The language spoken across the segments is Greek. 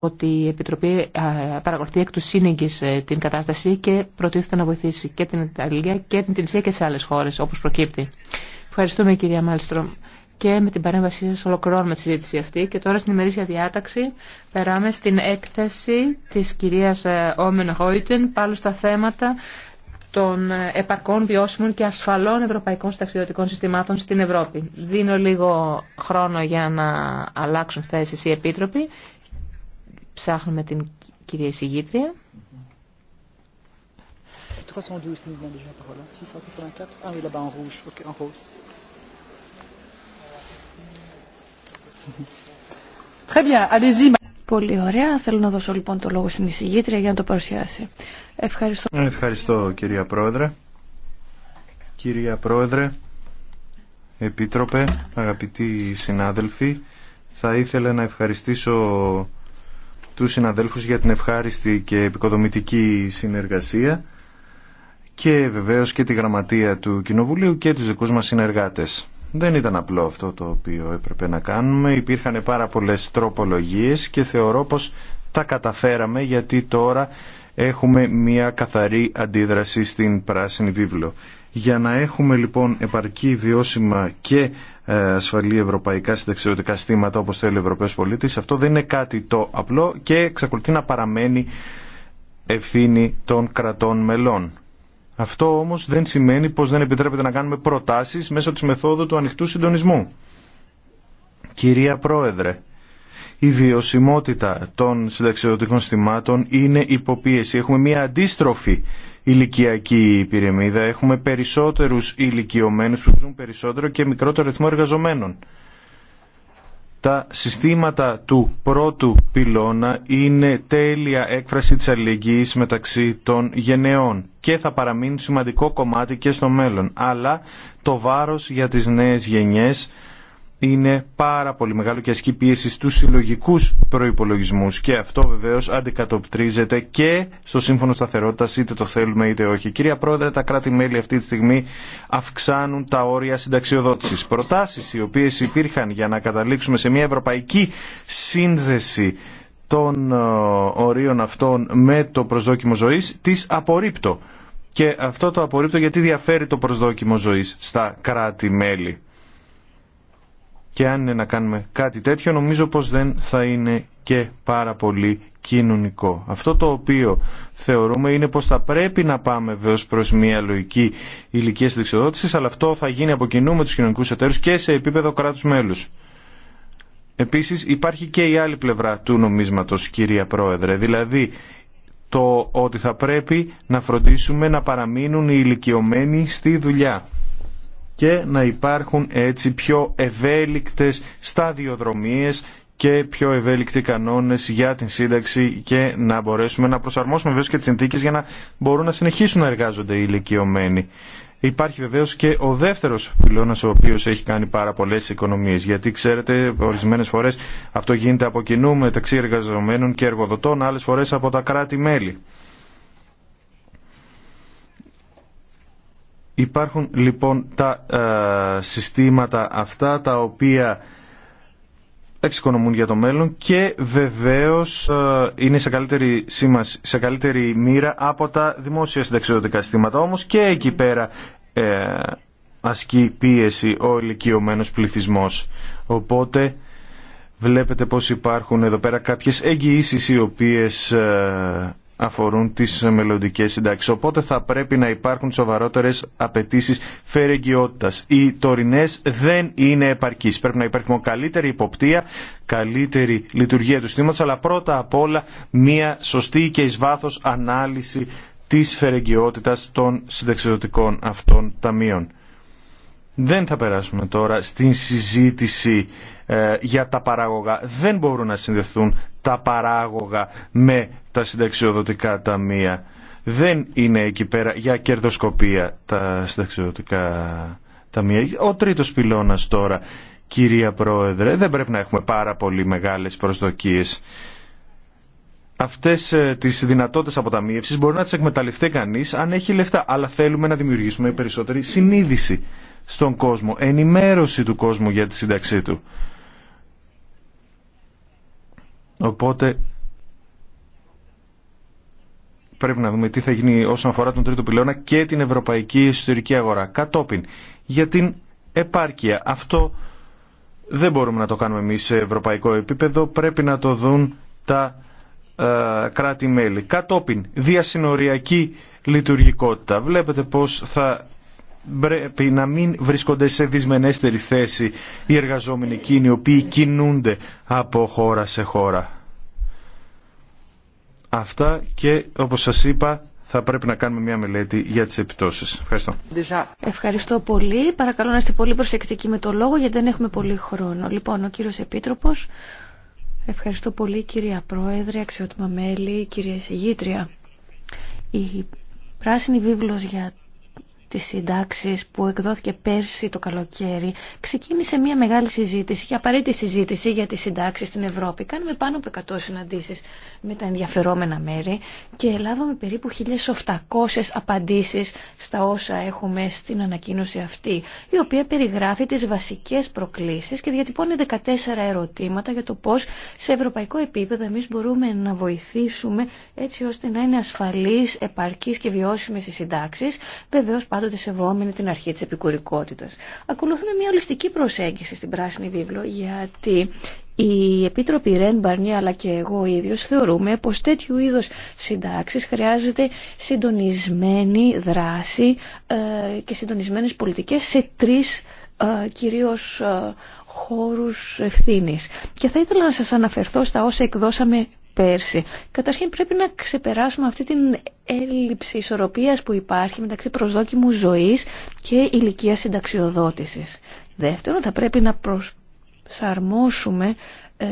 ότι η Επιτροπή ε, παρακολουθεί εκ του σύνεγγυς ε, την κατάσταση και προτίθεται να βοηθήσει και την Ιταλία και την Τινησία και τις άλλες χώρες όπως προκύπτει. Ευχαριστούμε κυρία Μάλστρομ και με την παρέμβασή σας ολοκληρώνουμε τη συζήτηση αυτή και τώρα στην ημερήσια διάταξη περάμε στην έκθεση της κυρίας ε, Όμεν Χόιτεν πάλι στα θέματα των επαρκών, βιώσιμων και ασφαλών ευρωπαϊκών ταξιδιωτικών συστημάτων στην Ευρώπη. Δίνω λίγο χρόνο για να αλλάξουν θέσεις οι επίτροποι Ψάχνουμε την κυρία εισηγήτρια. Πολύ ωραία. Θέλω να δώσω λοιπόν το λόγο στην εισηγήτρια για να το παρουσιάσει. Ευχαριστώ. Ευχαριστώ κυρία Πρόεδρε. Κυρία Πρόεδρε, Επίτροπε, αγαπητοί συνάδελφοι, θα ήθελα να ευχαριστήσω τους συναδέλφους για την ευχάριστη και επικοδομητική συνεργασία και βεβαίως και τη γραμματεία του Κοινοβουλίου και τους δικούς μας συνεργάτες. Δεν ήταν απλό αυτό το οποίο έπρεπε να κάνουμε. Υπήρχαν πάρα πολλές τροπολογίες και θεωρώ πως τα καταφέραμε γιατί τώρα έχουμε μια καθαρή αντίδραση στην πράσινη βίβλο. Για να έχουμε λοιπόν επαρκή βιώσιμα και ε, ασφαλή ευρωπαϊκά συνταξιωτικά στήματα όπως θέλει ο Ευρωπαίος πολίτης. Αυτό δεν είναι κάτι το απλό και εξακολουθεί να παραμένει ευθύνη των κρατών μελών. Αυτό όμως δεν σημαίνει πως δεν επιτρέπεται να κάνουμε προτάσεις μέσω της μεθόδου του ανοιχτού συντονισμού. Κυρία Πρόεδρε, η βιωσιμότητα των συνταξιδοτικών στήματων είναι υποπίεση. Έχουμε μια αντίστροφη ηλικιακή πυραμίδα. Έχουμε περισσότερους ηλικιωμένου που ζουν περισσότερο και μικρότερο ρυθμό εργαζομένων. Τα συστήματα του πρώτου πυλώνα είναι τέλεια έκφραση της αλληλεγγύης μεταξύ των γενεών και θα παραμείνουν σημαντικό κομμάτι και στο μέλλον. Αλλά το βάρος για τις νέες γενιές είναι πάρα πολύ μεγάλο και ασκεί πίεση στους συλλογικούς προϋπολογισμούς και αυτό βεβαίως αντικατοπτρίζεται και στο Σύμφωνο Σταθερότητας είτε το θέλουμε είτε όχι. Κυρία Πρόεδρε, τα κράτη-μέλη αυτή τη στιγμή αυξάνουν τα όρια συνταξιοδότησης. Προτάσεις οι οποίες υπήρχαν για να καταλήξουμε σε μια ευρωπαϊκή σύνδεση των ε, ορίων αυτών με το προσδόκιμο ζωής, τις απορρίπτω. Και αυτό το απορρίπτω γιατί διαφέρει το προσδόκιμο ζωής στα κράτη-μέλη. Και αν είναι να κάνουμε κάτι τέτοιο, νομίζω πως δεν θα είναι και πάρα πολύ κοινωνικό. Αυτό το οποίο θεωρούμε είναι πως θα πρέπει να πάμε βέβαια προς μια λογική ηλικία συνδεξιοδότησης, αλλά αυτό θα γίνει από κοινού με τους κοινωνικούς εταίρους και σε επίπεδο κράτους μέλους. Επίσης υπάρχει και η άλλη πλευρά του νομίσματος, κυρία Πρόεδρε, δηλαδή το ότι θα πρέπει να φροντίσουμε να παραμείνουν οι ηλικιωμένοι στη δουλειά και να υπάρχουν έτσι πιο ευέλικτες σταδιοδρομίες και πιο ευέλικτοι κανόνες για την σύνταξη και να μπορέσουμε να προσαρμόσουμε βέβαια και τις συνθήκες για να μπορούν να συνεχίσουν να εργάζονται οι ηλικιωμένοι. Υπάρχει βεβαίω και ο δεύτερο πυλώνα, ο οποίο έχει κάνει πάρα πολλέ οικονομίε. Γιατί ξέρετε, ορισμένε φορέ αυτό γίνεται από κοινού μεταξύ εργαζομένων και εργοδοτών, άλλε φορέ από τα κράτη-μέλη. Υπάρχουν λοιπόν τα ε, συστήματα αυτά τα οποία εξοικονομούν για το μέλλον και βεβαίως ε, είναι σε καλύτερη, σήμαση, σε καλύτερη μοίρα από τα δημόσια συνταξιδοτικά συστήματα. Όμως και εκεί πέρα ε, ασκεί πίεση ο ηλικιωμένος πληθυσμός. Οπότε βλέπετε πως υπάρχουν εδώ πέρα κάποιες εγγυήσεις οι οποίες ε, αφορούν τις μελλοντικέ συντάξεις. Οπότε θα πρέπει να υπάρχουν σοβαρότερες απαιτήσει φερεγγιότητας. Οι τωρινέ δεν είναι επαρκείς. Πρέπει να υπάρχει καλύτερη υποπτία, καλύτερη λειτουργία του συστήματος, αλλά πρώτα απ' όλα μια σωστή και εις βάθος ανάλυση της φερεγγιότητας των συνταξιδοτικών αυτών ταμείων. Δεν θα περάσουμε τώρα στην συζήτηση ε, για τα παράγωγα. Δεν μπορούν να συνδεθούν τα παράγωγα με τα συνταξιοδοτικά ταμεία. Δεν είναι εκεί πέρα για κερδοσκοπία τα συνταξιοδοτικά ταμεία. Ο τρίτος πυλώνας τώρα, κυρία Πρόεδρε, δεν πρέπει να έχουμε πάρα πολύ μεγάλες προσδοκίες. Αυτές ε, τις δυνατότητες αποταμίευσης μπορεί να τις εκμεταλλευτεί κανείς αν έχει λεφτά, αλλά θέλουμε να δημιουργήσουμε περισσότερη συνείδηση στον κόσμο, ενημέρωση του κόσμου για τη σύνταξή του. Οπότε πρέπει να δούμε τι θα γίνει όσον αφορά τον τρίτο πυλώνα και την ευρωπαϊκή εσωτερική αγορά. Κατόπιν, για την επάρκεια. Αυτό δεν μπορούμε να το κάνουμε εμείς σε ευρωπαϊκό επίπεδο. Πρέπει να το δουν τα ε, κράτη-μέλη. Κατόπιν, διασυνοριακή λειτουργικότητα. Βλέπετε πώς θα πρέπει να μην βρίσκονται σε δυσμενέστερη θέση οι εργαζόμενοι εκείνοι οι οποίοι κινούνται από χώρα σε χώρα. Αυτά και όπως σας είπα θα πρέπει να κάνουμε μια μελέτη για τις επιπτώσεις. Ευχαριστώ. Ευχαριστώ πολύ. Παρακαλώ να είστε πολύ προσεκτικοί με το λόγο γιατί δεν έχουμε πολύ χρόνο. Λοιπόν, ο κύριος Επίτροπος, ευχαριστώ πολύ κυρία Πρόεδρε, αξιότιμα μέλη, κυρία Συγήτρια. Η πράσινη βίβλος για της συντάξης που εκδόθηκε πέρσι το καλοκαίρι ξεκίνησε μια μεγάλη συζήτηση και απαραίτητη συζήτηση για τις συντάξει στην Ευρώπη. Κάνουμε πάνω από 100 συναντήσεις με τα ενδιαφερόμενα μέρη και λάβαμε περίπου 1.800 απαντήσεις στα όσα έχουμε στην ανακοίνωση αυτή η οποία περιγράφει τις βασικές προκλήσεις και διατυπώνει 14 ερωτήματα για το πώς σε ευρωπαϊκό επίπεδο εμείς μπορούμε να βοηθήσουμε έτσι ώστε να είναι ασφαλείς, επαρκείς και βιώσιμες οι συντάξεις. Βεβαίως πάντοτε σεβόμενοι την αρχή της επικουρικότητας. Ακολουθούμε μια ολιστική προσέγγιση στην Πράσινη Βίβλο γιατί οι Επίτροπη Ρεν Μπαρνιέ αλλά και εγώ ίδιος θεωρούμε πως τέτοιου είδους συντάξεις χρειάζεται συντονισμένη δράση ε, και συντονισμένες πολιτικές σε τρεις ε, κυρίως ε, χώρους ευθύνης. Και θα ήθελα να σας αναφερθώ στα όσα εκδώσαμε πέρσι. Καταρχήν πρέπει να ξεπεράσουμε αυτή την έλλειψη ισορροπίας που υπάρχει μεταξύ προσδόκιμου ζωής και ηλικία συνταξιοδότησης. Δεύτερον, θα πρέπει να προσαρμόσουμε ε,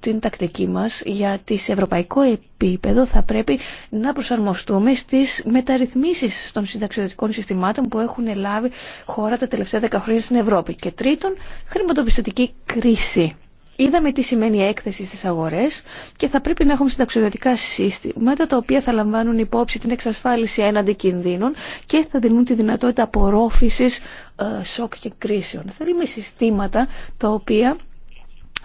την τακτική μας γιατί σε ευρωπαϊκό επίπεδο θα πρέπει να προσαρμοστούμε στις μεταρρυθμίσεις των συνταξιδοτικών συστημάτων που έχουν λάβει χώρα τα τελευταία 10 χρόνια στην Ευρώπη. Και τρίτον, χρηματοπιστωτική κρίση. Είδαμε τι σημαίνει έκθεση στις αγορές και θα πρέπει να έχουμε συνταξιοδοτικά σύστηματα τα οποία θα λαμβάνουν υπόψη την εξασφάλιση έναντι κινδύνων και θα δίνουν τη δυνατότητα απορρόφησης ε, σοκ και κρίσεων. Θέλουμε συστήματα τα οποία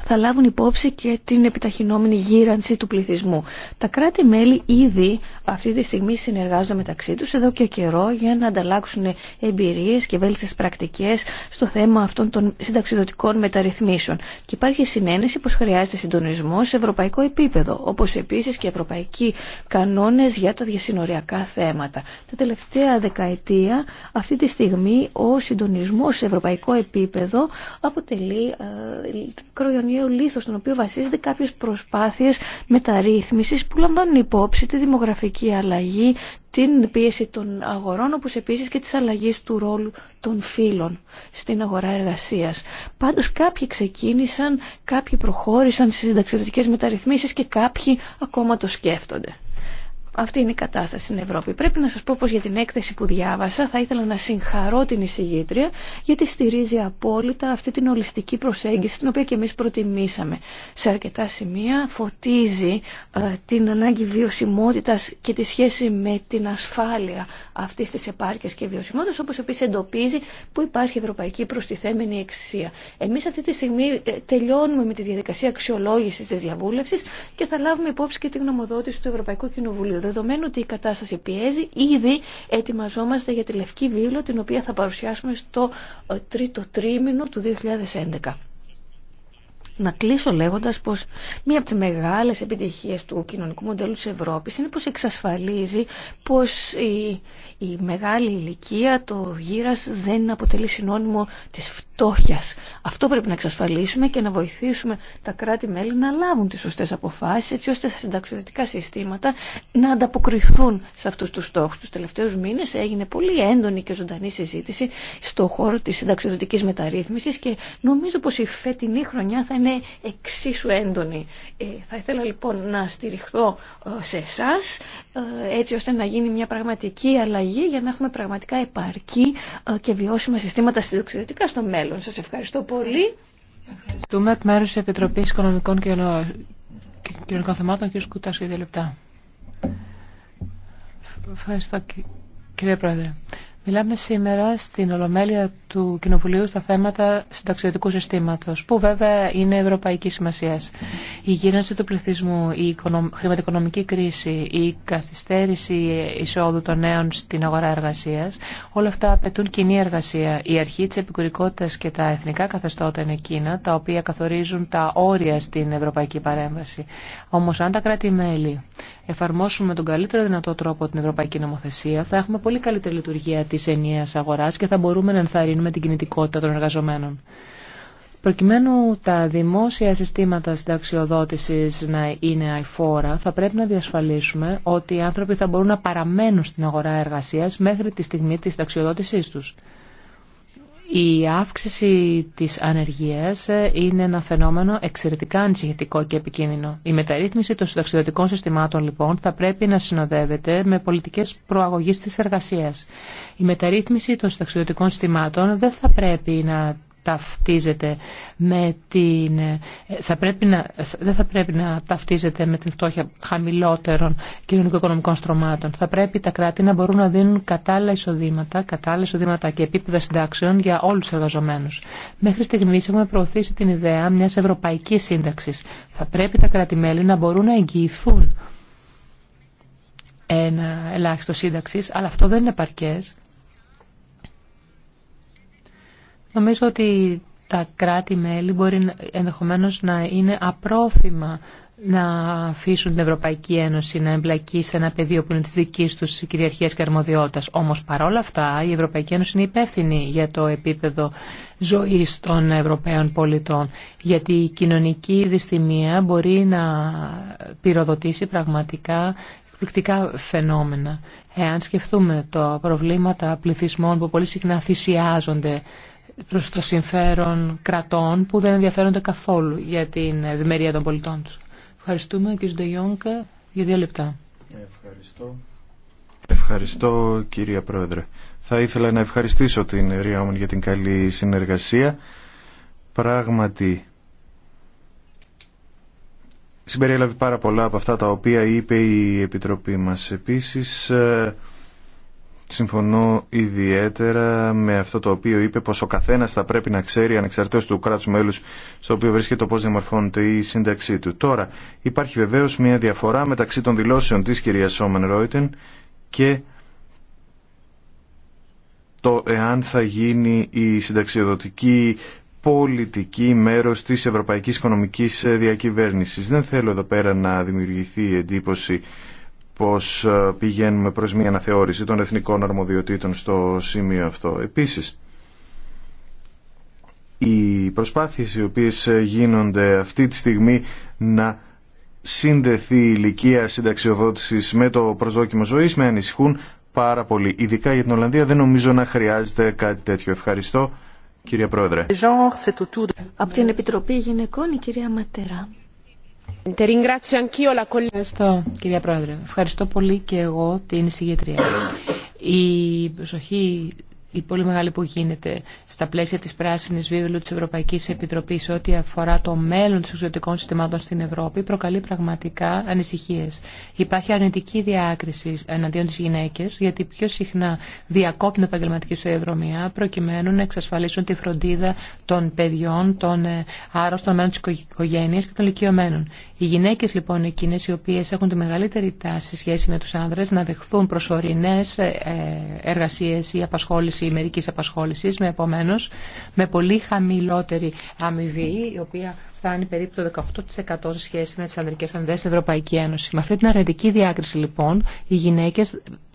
θα λάβουν υπόψη και την επιταχυνόμενη γύρανση του πληθυσμού. Τα κράτη-μέλη ήδη αυτή τη στιγμή συνεργάζονται μεταξύ τους εδώ και καιρό για να ανταλλάξουν εμπειρίες και βέλτιστες πρακτικές στο θέμα αυτών των συνταξιδοτικών μεταρρυθμίσεων. Και υπάρχει συνένεση πως χρειάζεται συντονισμό σε ευρωπαϊκό επίπεδο, όπως επίσης και ευρωπαϊκοί κανόνες για τα διασυνοριακά θέματα. Τα τελευταία δεκαετία αυτή τη στιγμή ο συντονισμός σε ευρωπαϊκό επίπεδο αποτελεί ε, ο λίθο στον οποίο βασίζεται κάποιες προσπάθειες μεταρρύθμισης που λαμβάνουν υπόψη τη δημογραφική αλλαγή, την πίεση των αγορών, όπως επίσης και της αλλαγής του ρόλου των φύλων στην αγορά εργασίας. Πάντως κάποιοι ξεκίνησαν, κάποιοι προχώρησαν στις συνταξιδοτικές μεταρρυθμίσεις και κάποιοι ακόμα το σκέφτονται. Αυτή είναι η κατάσταση στην Ευρώπη. Πρέπει να σας πω πως για την έκθεση που διάβασα θα ήθελα να συγχαρώ την εισηγήτρια γιατί στηρίζει απόλυτα αυτή την ολιστική προσέγγιση την οποία και εμείς προτιμήσαμε. Σε αρκετά σημεία φωτίζει ε, την ανάγκη βιωσιμότητας και τη σχέση με την ασφάλεια αυτή τη επάρκεια και βιωσιμότητα, όπω επίση εντοπίζει που υπάρχει ευρωπαϊκή προστιθέμενη εξουσία. Εμεί αυτή τη στιγμή ε, τελειώνουμε με τη διαδικασία αξιολόγηση τη διαβούλευση και θα λάβουμε υπόψη και τη γνωμοδότηση του Ευρωπαϊκού Κοινοβουλίου. Δεδομένου ότι η κατάσταση πιέζει, ήδη ετοιμαζόμαστε για τη λευκή βίβλο, την οποία θα παρουσιάσουμε στο ε, τρίτο τρίμηνο του 2011 να κλείσω λέγοντας πως μία από τις μεγάλες επιτυχίες του κοινωνικού μοντέλου της Ευρώπης είναι πως εξασφαλίζει πως η, η μεγάλη ηλικία, το γύρας δεν αποτελεί συνώνυμο της φτώχειας. Αυτό πρέπει να εξασφαλίσουμε και να βοηθήσουμε τα κράτη-μέλη να λάβουν τις σωστές αποφάσεις έτσι ώστε τα συνταξιδετικά συστήματα να ανταποκριθούν σε αυτούς τους στόχους. Τους τελευταίους μήνες έγινε πολύ έντονη και ζωντανή συζήτηση στον χώρο της συνταξιδοτικής μεταρρύθμισης και νομίζω πως η φετινή χρονιά θα είναι είναι εξίσου έντονη. Ε, θα ήθελα λοιπόν να στηριχθώ ε, σε εσά ε, έτσι ώστε να γίνει μια πραγματική αλλαγή για να έχουμε πραγματικά επαρκή ε, και βιώσιμα συστήματα συνδοξιδετικά στο μέλλον. Σας ευχαριστώ πολύ. Ευχαριστούμε εκ μέρους της Επιτροπής Οικονομικών και Κοινωνικών Θεμάτων, κ. σκούτας για δύο λεπτά. Ευχαριστώ, κύριε Πρόεδρε. Μιλάμε σήμερα στην Ολομέλεια του Κοινοβουλίου στα θέματα συνταξιωτικού συστήματος, που βέβαια είναι ευρωπαϊκή σημασία. Η γύρανση του πληθυσμού, η χρηματοοικονομική κρίση, η καθυστέρηση εισόδου των νέων στην αγορά εργασίας, όλα αυτά απαιτούν κοινή εργασία. Η αρχή της επικουρικότητας και τα εθνικά καθεστώτα είναι εκείνα, τα οποία καθορίζουν τα όρια στην ευρωπαϊκή παρέμβαση. όμω αν τα κράτη-μέλη εφαρμόσουμε τον καλύτερο δυνατό τρόπο την ευρωπαϊκή νομοθεσία, θα έχουμε πολύ καλύτερη λειτουργία τη ενιαία αγορά και θα μπορούμε να ενθαρρύνουμε την κινητικότητα των εργαζομένων. Προκειμένου τα δημόσια συστήματα συνταξιοδότηση να είναι αηφόρα, θα πρέπει να διασφαλίσουμε ότι οι άνθρωποι θα μπορούν να παραμένουν στην αγορά εργασία μέχρι τη στιγμή τη συνταξιοδότησή του. Η αύξηση της ανεργίας είναι ένα φαινόμενο εξαιρετικά ανησυχητικό και επικίνδυνο. Η μεταρρύθμιση των συνταξιδοτικών συστημάτων λοιπόν θα πρέπει να συνοδεύεται με πολιτικές προαγωγής της εργασίας. Η μεταρρύθμιση των συνταξιδοτικών συστημάτων δεν θα πρέπει να ταυτίζεται με την... Θα πρέπει να, δεν θα πρέπει να ταυτίζεται με την φτώχεια χαμηλότερων κοινωνικο-οικονομικών στρωμάτων. Θα πρέπει τα κράτη να μπορούν να δίνουν κατάλληλα εισοδήματα, κατάλληλα εισοδήματα και επίπεδα συντάξεων για όλους τους εργαζομένους. Μέχρι στιγμής έχουμε προωθήσει την ιδέα μιας ευρωπαϊκής σύνταξης. Θα πρέπει τα κράτη-μέλη να μπορούν να εγγυηθούν ένα ελάχιστο σύνταξη, αλλά αυτό δεν είναι παρκές. Νομίζω ότι τα κράτη-μέλη μπορεί ενδεχομένως να είναι απρόθυμα να αφήσουν την Ευρωπαϊκή Ένωση να εμπλακεί σε ένα πεδίο που είναι τη δική του κυριαρχία και αρμοδιότητα. Όμω παρόλα αυτά η Ευρωπαϊκή Ένωση είναι υπεύθυνη για το επίπεδο ζωή των Ευρωπαίων πολιτών. Γιατί η κοινωνική δυστημία μπορεί να πυροδοτήσει πραγματικά εκπληκτικά φαινόμενα. Εάν σκεφτούμε τα προβλήματα πληθυσμών που πολύ συχνά θυσιάζονται προς το συμφέρον κρατών που δεν ενδιαφέρονται καθόλου για την ευημερία των πολιτών τους. Ευχαριστούμε κύριε Ντεγιόνκα για δύο λεπτά. Ευχαριστώ. Ευχαριστώ κύριε Πρόεδρε. Θα ήθελα να ευχαριστήσω την μου για την καλή συνεργασία. Πράγματι συμπεριέλαβε πάρα πολλά από αυτά τα οποία είπε η Επιτροπή μας. Επίσης ε, Συμφωνώ ιδιαίτερα με αυτό το οποίο είπε πως ο καθένας θα πρέπει να ξέρει ανεξαρτήτως του κράτους μέλους στο οποίο βρίσκεται πώς διαμορφώνεται η σύνταξή του. Τώρα υπάρχει βεβαίως μια διαφορά μεταξύ των δηλώσεων της κυρίας Σόμεν Ρόιτεν και το εάν θα γίνει η συνταξιοδοτική πολιτική μέρος της ευρωπαϊκής οικονομικής διακυβέρνησης. Δεν θέλω εδώ πέρα να δημιουργηθεί εντύπωση πως ε, πηγαίνουμε προς μια αναθεώρηση των εθνικών αρμοδιοτήτων στο σημείο αυτό. Επίσης, οι προσπάθειες οι οποίες ε, γίνονται αυτή τη στιγμή να συνδεθεί η ηλικία συνταξιοδότησης με το προσδόκιμο ζωής με ανησυχούν πάρα πολύ. Ειδικά για την Ολλανδία δεν νομίζω να χρειάζεται κάτι τέτοιο. Ευχαριστώ, κυρία Πρόεδρε. Από την Επιτροπή Γυναικών, η κυρία Ματερά. Ευχαριστώ κυρία Πρόεδρε. Ευχαριστώ πολύ και εγώ την εισηγήτρια. Η προσοχή η πολύ μεγάλη που γίνεται στα πλαίσια τη πράσινη βίβλου της Ευρωπαϊκής Επιτροπής ό,τι αφορά το μέλλον των εξωτερικών συστημάτων στην Ευρώπη προκαλεί πραγματικά ανησυχίε. Υπάρχει αρνητική διάκριση εναντίον τη γυναίκες γιατί πιο συχνά διακόπτουν επαγγελματική σου προκειμένου να εξασφαλίσουν τη φροντίδα των παιδιών, των ε, άρρωστων μέλων τη οικογένεια και των ηλικιωμένων. Οι γυναίκες λοιπόν εκείνες οι οποίες έχουν τη μεγαλύτερη τάση σχέση με τους άνδρες να δεχθούν προσωρινές ε, ε, εργασίες ή απασχόληση ή μερικής απασχόλησης με επομένως με πολύ χαμηλότερη αμοιβή η οποία επομενω με πολυ χαμηλοτερη αμοιβη περίπου το 18% σε σχέση με τις ανδρικές αμοιβέ στην Ευρωπαϊκή Ένωση. Με αυτή την αρνητική διάκριση λοιπόν οι γυναίκε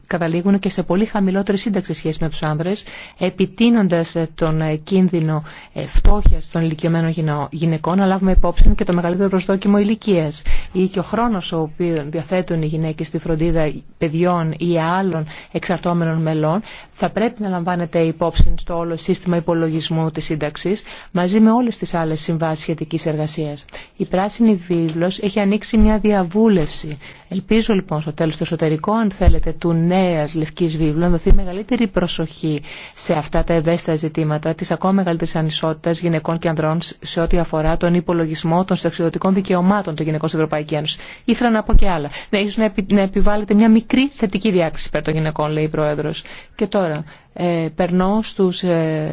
καταλήγουν και σε πολύ χαμηλότερη σύνταξη σχέση με τους άνδρες, επιτείνοντας ε, τον ε, κίνδυνο ε, φτώχεια των ηλικιωμένων γυναικών, να λάβουμε υπόψη και το μεγαλύτερο προσδόκιμο ηλικία. Ή και ο χρόνος ο οποίο διαθέτουν οι γυναίκες στη φροντίδα παιδιών ή άλλων εξαρτώμενων μελών, θα πρέπει να λαμβάνεται υπόψη στο όλο σύστημα υπολογισμού της σύνταξης, μαζί με όλες τις άλλες συμβάσεις σχετικής εργασίας. Η Πράσινη Βίβλος έχει ανοίξει μια διαβούλευση. Ελπίζω λοιπόν στο ολο συστημα υπολογισμου της συνταξη μαζι με ολες τις αλλες συμβασεις σχετικη εργασια η πρασινη βιβλος εχει ανοιξει μια διαβουλευση ελπιζω λοιπον στο τελος του εσωτερικό, αν θέλετε, του νέας λευκής βίβλου να δοθεί μεγαλύτερη προσοχή σε αυτά τα ευαίσθητα ζητήματα τη ακόμα μεγαλύτερη ανισότητα γυναικών και ανδρών σε ό,τι αφορά τον υπολογισμό των συνταξιδοτικών δικαιωμάτων των γυναικών στην Ευρωπαϊκή Ένωση. Ήθελα να πω και άλλα. Ναι, ίσως να, επι, να επιβάλλεται μια μικρή θετική διάκριση πέρα των γυναικών, λέει η Πρόεδρος. Και τώρα, ε, περνώ στους ε,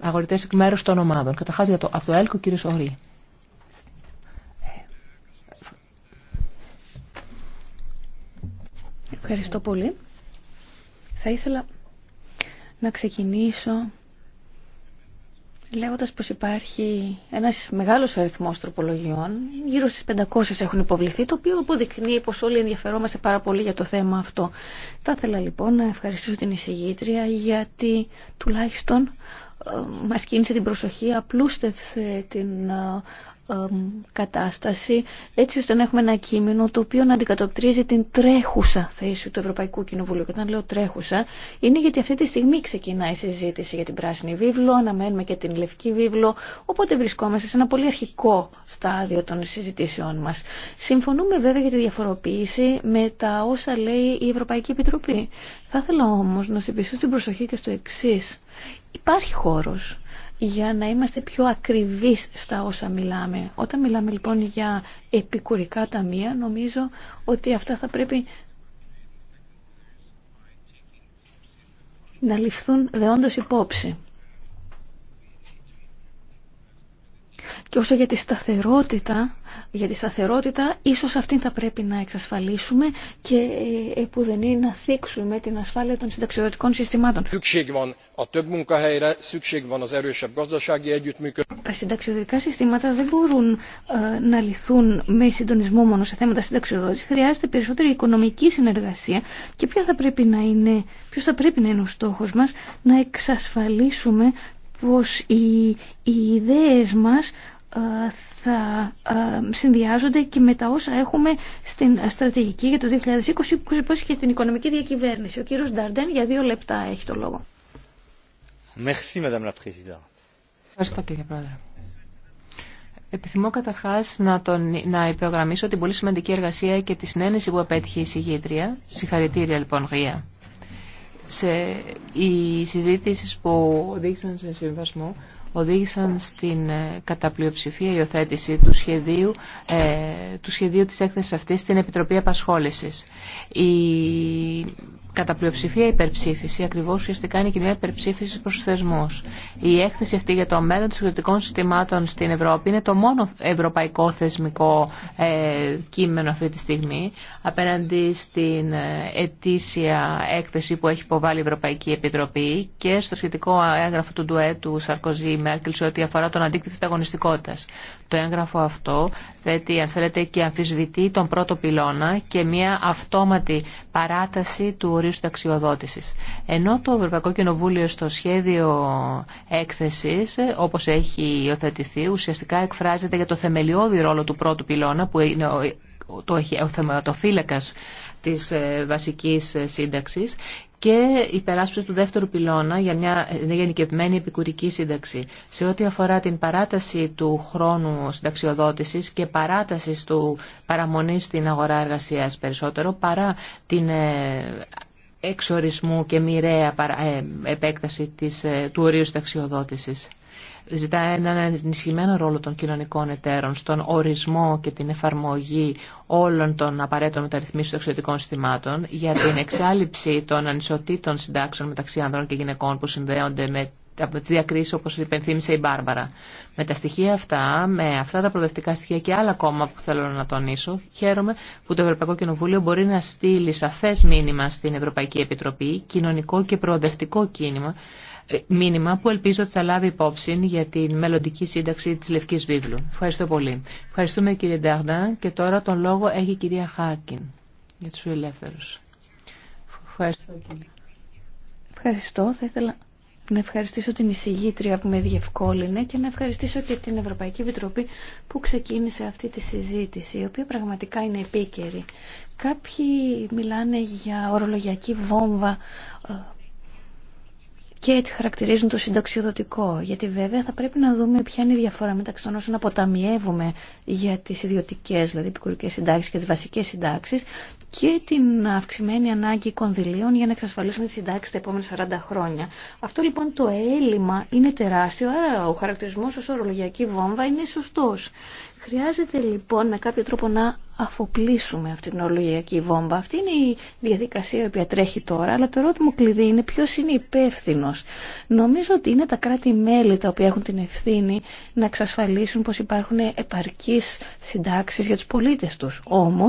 αγορητές εκ μέρους των ομάδων. Καταρχάς για το, από το ΕΛΚΟ, κύριος Ορή. Ευχαριστώ πολύ. Θα ήθελα να ξεκινήσω λέγοντας πως υπάρχει ένας μεγάλος αριθμός τροπολογιών, γύρω στις 500 έχουν υποβληθεί, το οποίο αποδεικνύει πως όλοι ενδιαφερόμαστε πάρα πολύ για το θέμα αυτό. Θα ήθελα λοιπόν να ευχαριστήσω την εισηγήτρια γιατί τουλάχιστον ε, μας κίνησε την προσοχή, απλούστευσε την ε, κατάσταση έτσι ώστε να έχουμε ένα κείμενο το οποίο να αντικατοπτρίζει την τρέχουσα θέση του Ευρωπαϊκού Κοινοβουλίου. Και όταν λέω τρέχουσα είναι γιατί αυτή τη στιγμή ξεκινά η συζήτηση για την Πράσινη Βίβλο, αναμένουμε και την Λευκή Βίβλο, οπότε βρισκόμαστε σε ένα πολύ αρχικό στάδιο των συζητήσεών μας. Συμφωνούμε βέβαια για τη διαφοροποίηση με τα όσα λέει η Ευρωπαϊκή Επιτροπή. Θα ήθελα όμως να συμπιστώ την προσοχή και στο εξή. Υπάρχει χώρος για να είμαστε πιο ακριβείς στα όσα μιλάμε. Όταν μιλάμε λοιπόν για επικουρικά ταμεία, νομίζω ότι αυτά θα πρέπει να ληφθούν δεόντως υπόψη. Και όσο για τη σταθερότητα, για τη σταθερότητα ίσως αυτήν θα πρέπει να εξασφαλίσουμε και ε, που δεν είναι να θίξουμε την ασφάλεια των συνταξιδοτικών συστημάτων. Τα συνταξιδοτικά συστήματα δεν μπορούν ε, να λυθούν με συντονισμό μόνο σε θέματα συνταξιδότηση. Χρειάζεται περισσότερη οικονομική συνεργασία και ποιο θα πρέπει να είναι, ποιος θα πρέπει να είναι ο στόχος μας να εξασφαλίσουμε πως οι, οι ιδέες μας θα ε, συνδυάζονται και με τα όσα έχουμε στην στρατηγική για το 2020 που και την οικονομική διακυβέρνηση. Ο κύριος Νταρντέν για δύο λεπτά έχει το λόγο. Merci, Madame la Ευχαριστώ κύριε Πρόεδρε. Επιθυμώ καταρχά να, να υπογραμμίσω την πολύ σημαντική εργασία και τη συνένεση που απέτυχε η συγγήτρια. Συγχαρητήρια λοιπόν, Γεια. Σε οι συζήτησεις που οδήγησαν σε συμβασμό, οδήγησαν στην ε, καταπλειοψηφία υιοθέτηση του σχεδίου, ε, του σχεδίου της έκθεσης αυτής στην Επιτροπή Απασχόλησης κατά πλειοψηφία υπερψήφιση, ακριβώ ουσιαστικά είναι και μια υπερψήφιση προ του θεσμού. Η έκθεση αυτή για το μέλλον των συγκριτικών συστημάτων στην Ευρώπη είναι το μόνο ευρωπαϊκό θεσμικό ε, κείμενο αυτή τη στιγμή απέναντι στην ε, ετήσια έκθεση που έχει υποβάλει η Ευρωπαϊκή Επιτροπή και στο σχετικό έγγραφο του ντουέτου Σαρκοζή Μέρκελ σε ό,τι αφορά τον αντίκτυπο τη ανταγωνιστικότητα. Το έγγραφο αυτό θέτει, αν θέλετε, και αμφισβητεί τον πρώτο πυλώνα και μια αυτόματη παράταση του τα αξιοδότηση. Ενώ το Ευρωπαϊκό Κοινοβούλιο στο σχέδιο έκθεση, όπω έχει υιοθετηθεί, ουσιαστικά εκφράζεται για το θεμελιώδη ρόλο του πρώτου πυλώνα, που είναι ο θεματοφύλακα τη ε, βασική ε, σύνταξη, και η του δεύτερου πυλώνα για μια γενικευμένη επικουρική σύνταξη. Σε ό,τι αφορά την παράταση του χρόνου συνταξιοδότηση και παράταση του παραμονή στην αγορά εργασία περισσότερο παρά την ε, εξορισμού και μοιραία ε, επέκταση της, ε, του ορίου ταξιοδότησης. Ζητά έναν ενισχυμένο ρόλο των κοινωνικών εταίρων στον ορισμό και την εφαρμογή όλων των απαραίτητων μεταρρυθμίσεων των εξωτικών συστημάτων για την εξάλληψη των ανισοτήτων συντάξεων μεταξύ ανδρών και γυναικών που συνδέονται με από τις διακρίσεις όπως υπενθύμησε η Μπάρμπαρα. Με τα στοιχεία αυτά, με αυτά τα προοδευτικά στοιχεία και άλλα κόμμα που θέλω να τονίσω, χαίρομαι που το Ευρωπαϊκό Κοινοβούλιο μπορεί να στείλει σαφές μήνυμα στην Ευρωπαϊκή Επιτροπή, κοινωνικό και προοδευτικό κίνημα, ε, μήνυμα που ελπίζω ότι θα λάβει υπόψη για την μελλοντική σύνταξη της Λευκής Βίβλου. Ευχαριστώ πολύ. Ευχαριστούμε κύριε Ντάγνα και τώρα τον λόγο έχει η κυρία Χάρκιν για τους ελεύθερους. Ευχαριστώ κύριε. Ευχαριστώ. Θα να ευχαριστήσω την εισηγήτρια που με διευκόλυνε και να ευχαριστήσω και την Ευρωπαϊκή Επιτροπή που ξεκίνησε αυτή τη συζήτηση, η οποία πραγματικά είναι επίκαιρη. Κάποιοι μιλάνε για ορολογιακή βόμβα ε, και έτσι χαρακτηρίζουν το συνταξιοδοτικό. Γιατί βέβαια θα πρέπει να δούμε ποια είναι η διαφορά μεταξύ των όσων αποταμιεύουμε για τι ιδιωτικέ, δηλαδή επικουρικέ συντάξει και τι βασικέ συντάξει και την αυξημένη ανάγκη κονδυλίων για να εξασφαλίσουμε τη συντάξη τα επόμενα 40 χρόνια. Αυτό λοιπόν το έλλειμμα είναι τεράστιο, άρα ο χαρακτηρισμός ως ορολογιακή βόμβα είναι σωστός. Χρειάζεται λοιπόν με κάποιο τρόπο να αφοπλίσουμε αυτή την ορολογιακή βόμβα. Αυτή είναι η διαδικασία η οποία τρέχει τώρα, αλλά το ερώτημα κλειδί είναι ποιο είναι υπεύθυνο. Νομίζω ότι είναι τα κράτη-μέλη τα οποία έχουν την ευθύνη να εξασφαλίσουν πω υπάρχουν επαρκεί συντάξει για του πολίτε του. Όμω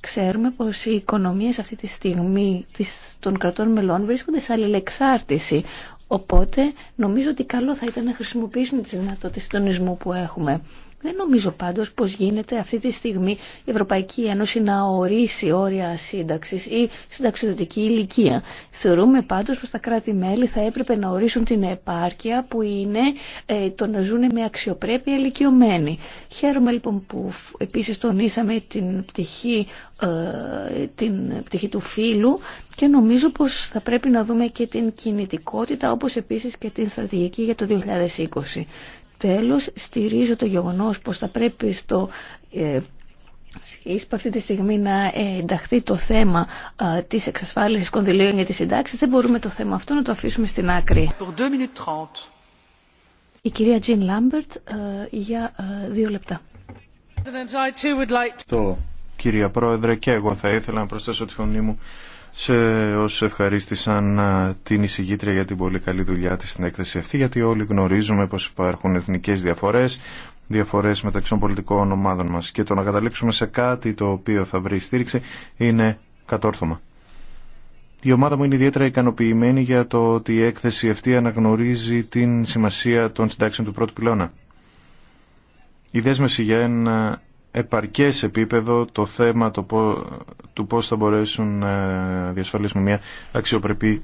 Ξέρουμε πως οι οικονομίες αυτή τη στιγμή των κρατών μελών βρίσκονται σε αλληλεξάρτηση. Οπότε νομίζω ότι καλό θα ήταν να χρησιμοποιήσουμε τις δυνατότητες συντονισμού που έχουμε. Δεν νομίζω πάντως πως γίνεται αυτή τη στιγμή η Ευρωπαϊκή Ένωση να ορίσει όρια σύνταξης ή συνταξιδοτική ηλικία. Θεωρούμε πάντως πως τα κράτη-μέλη θα έπρεπε να ορίσουν την επάρκεια που είναι ε, το να ζουν με αξιοπρέπεια ηλικιωμένοι. Χαίρομαι λοιπόν που επίσης τονίσαμε την πτυχή, ε, την πτυχή του φύλου και νομίζω πως θα πρέπει να δούμε και την κινητικότητα όπως επίσης και την στρατηγική για το 2020. Τέλος, στηρίζω το γεγονός πως θα πρέπει στο ε, Ίσπα αυτή τη στιγμή να ε, ενταχθεί το θέμα τη ε, της εξασφάλισης κονδυλίων για τις συντάξεις. Δεν μπορούμε το θέμα αυτό να το αφήσουμε στην άκρη. Η κυρία Τζιν Λάμπερτ ε, για δύο λεπτά. Το, κυρία Πρόεδρε, και εγώ θα ήθελα να προσθέσω τη φωνή μου σε όσους ευχαρίστησαν την εισηγήτρια για την πολύ καλή δουλειά της στην έκθεση αυτή, γιατί όλοι γνωρίζουμε πως υπάρχουν εθνικές διαφορές, διαφορές μεταξύ των πολιτικών ομάδων μας και το να καταλήξουμε σε κάτι το οποίο θα βρει στήριξη είναι κατόρθωμα. Η ομάδα μου είναι ιδιαίτερα ικανοποιημένη για το ότι η έκθεση αυτή αναγνωρίζει την σημασία των συντάξεων του πρώτου πυλώνα. Η δέσμευση για ένα επαρκές επίπεδο το θέμα το του πώς θα μπορέσουν να διασφαλίσουν μια αξιοπρεπή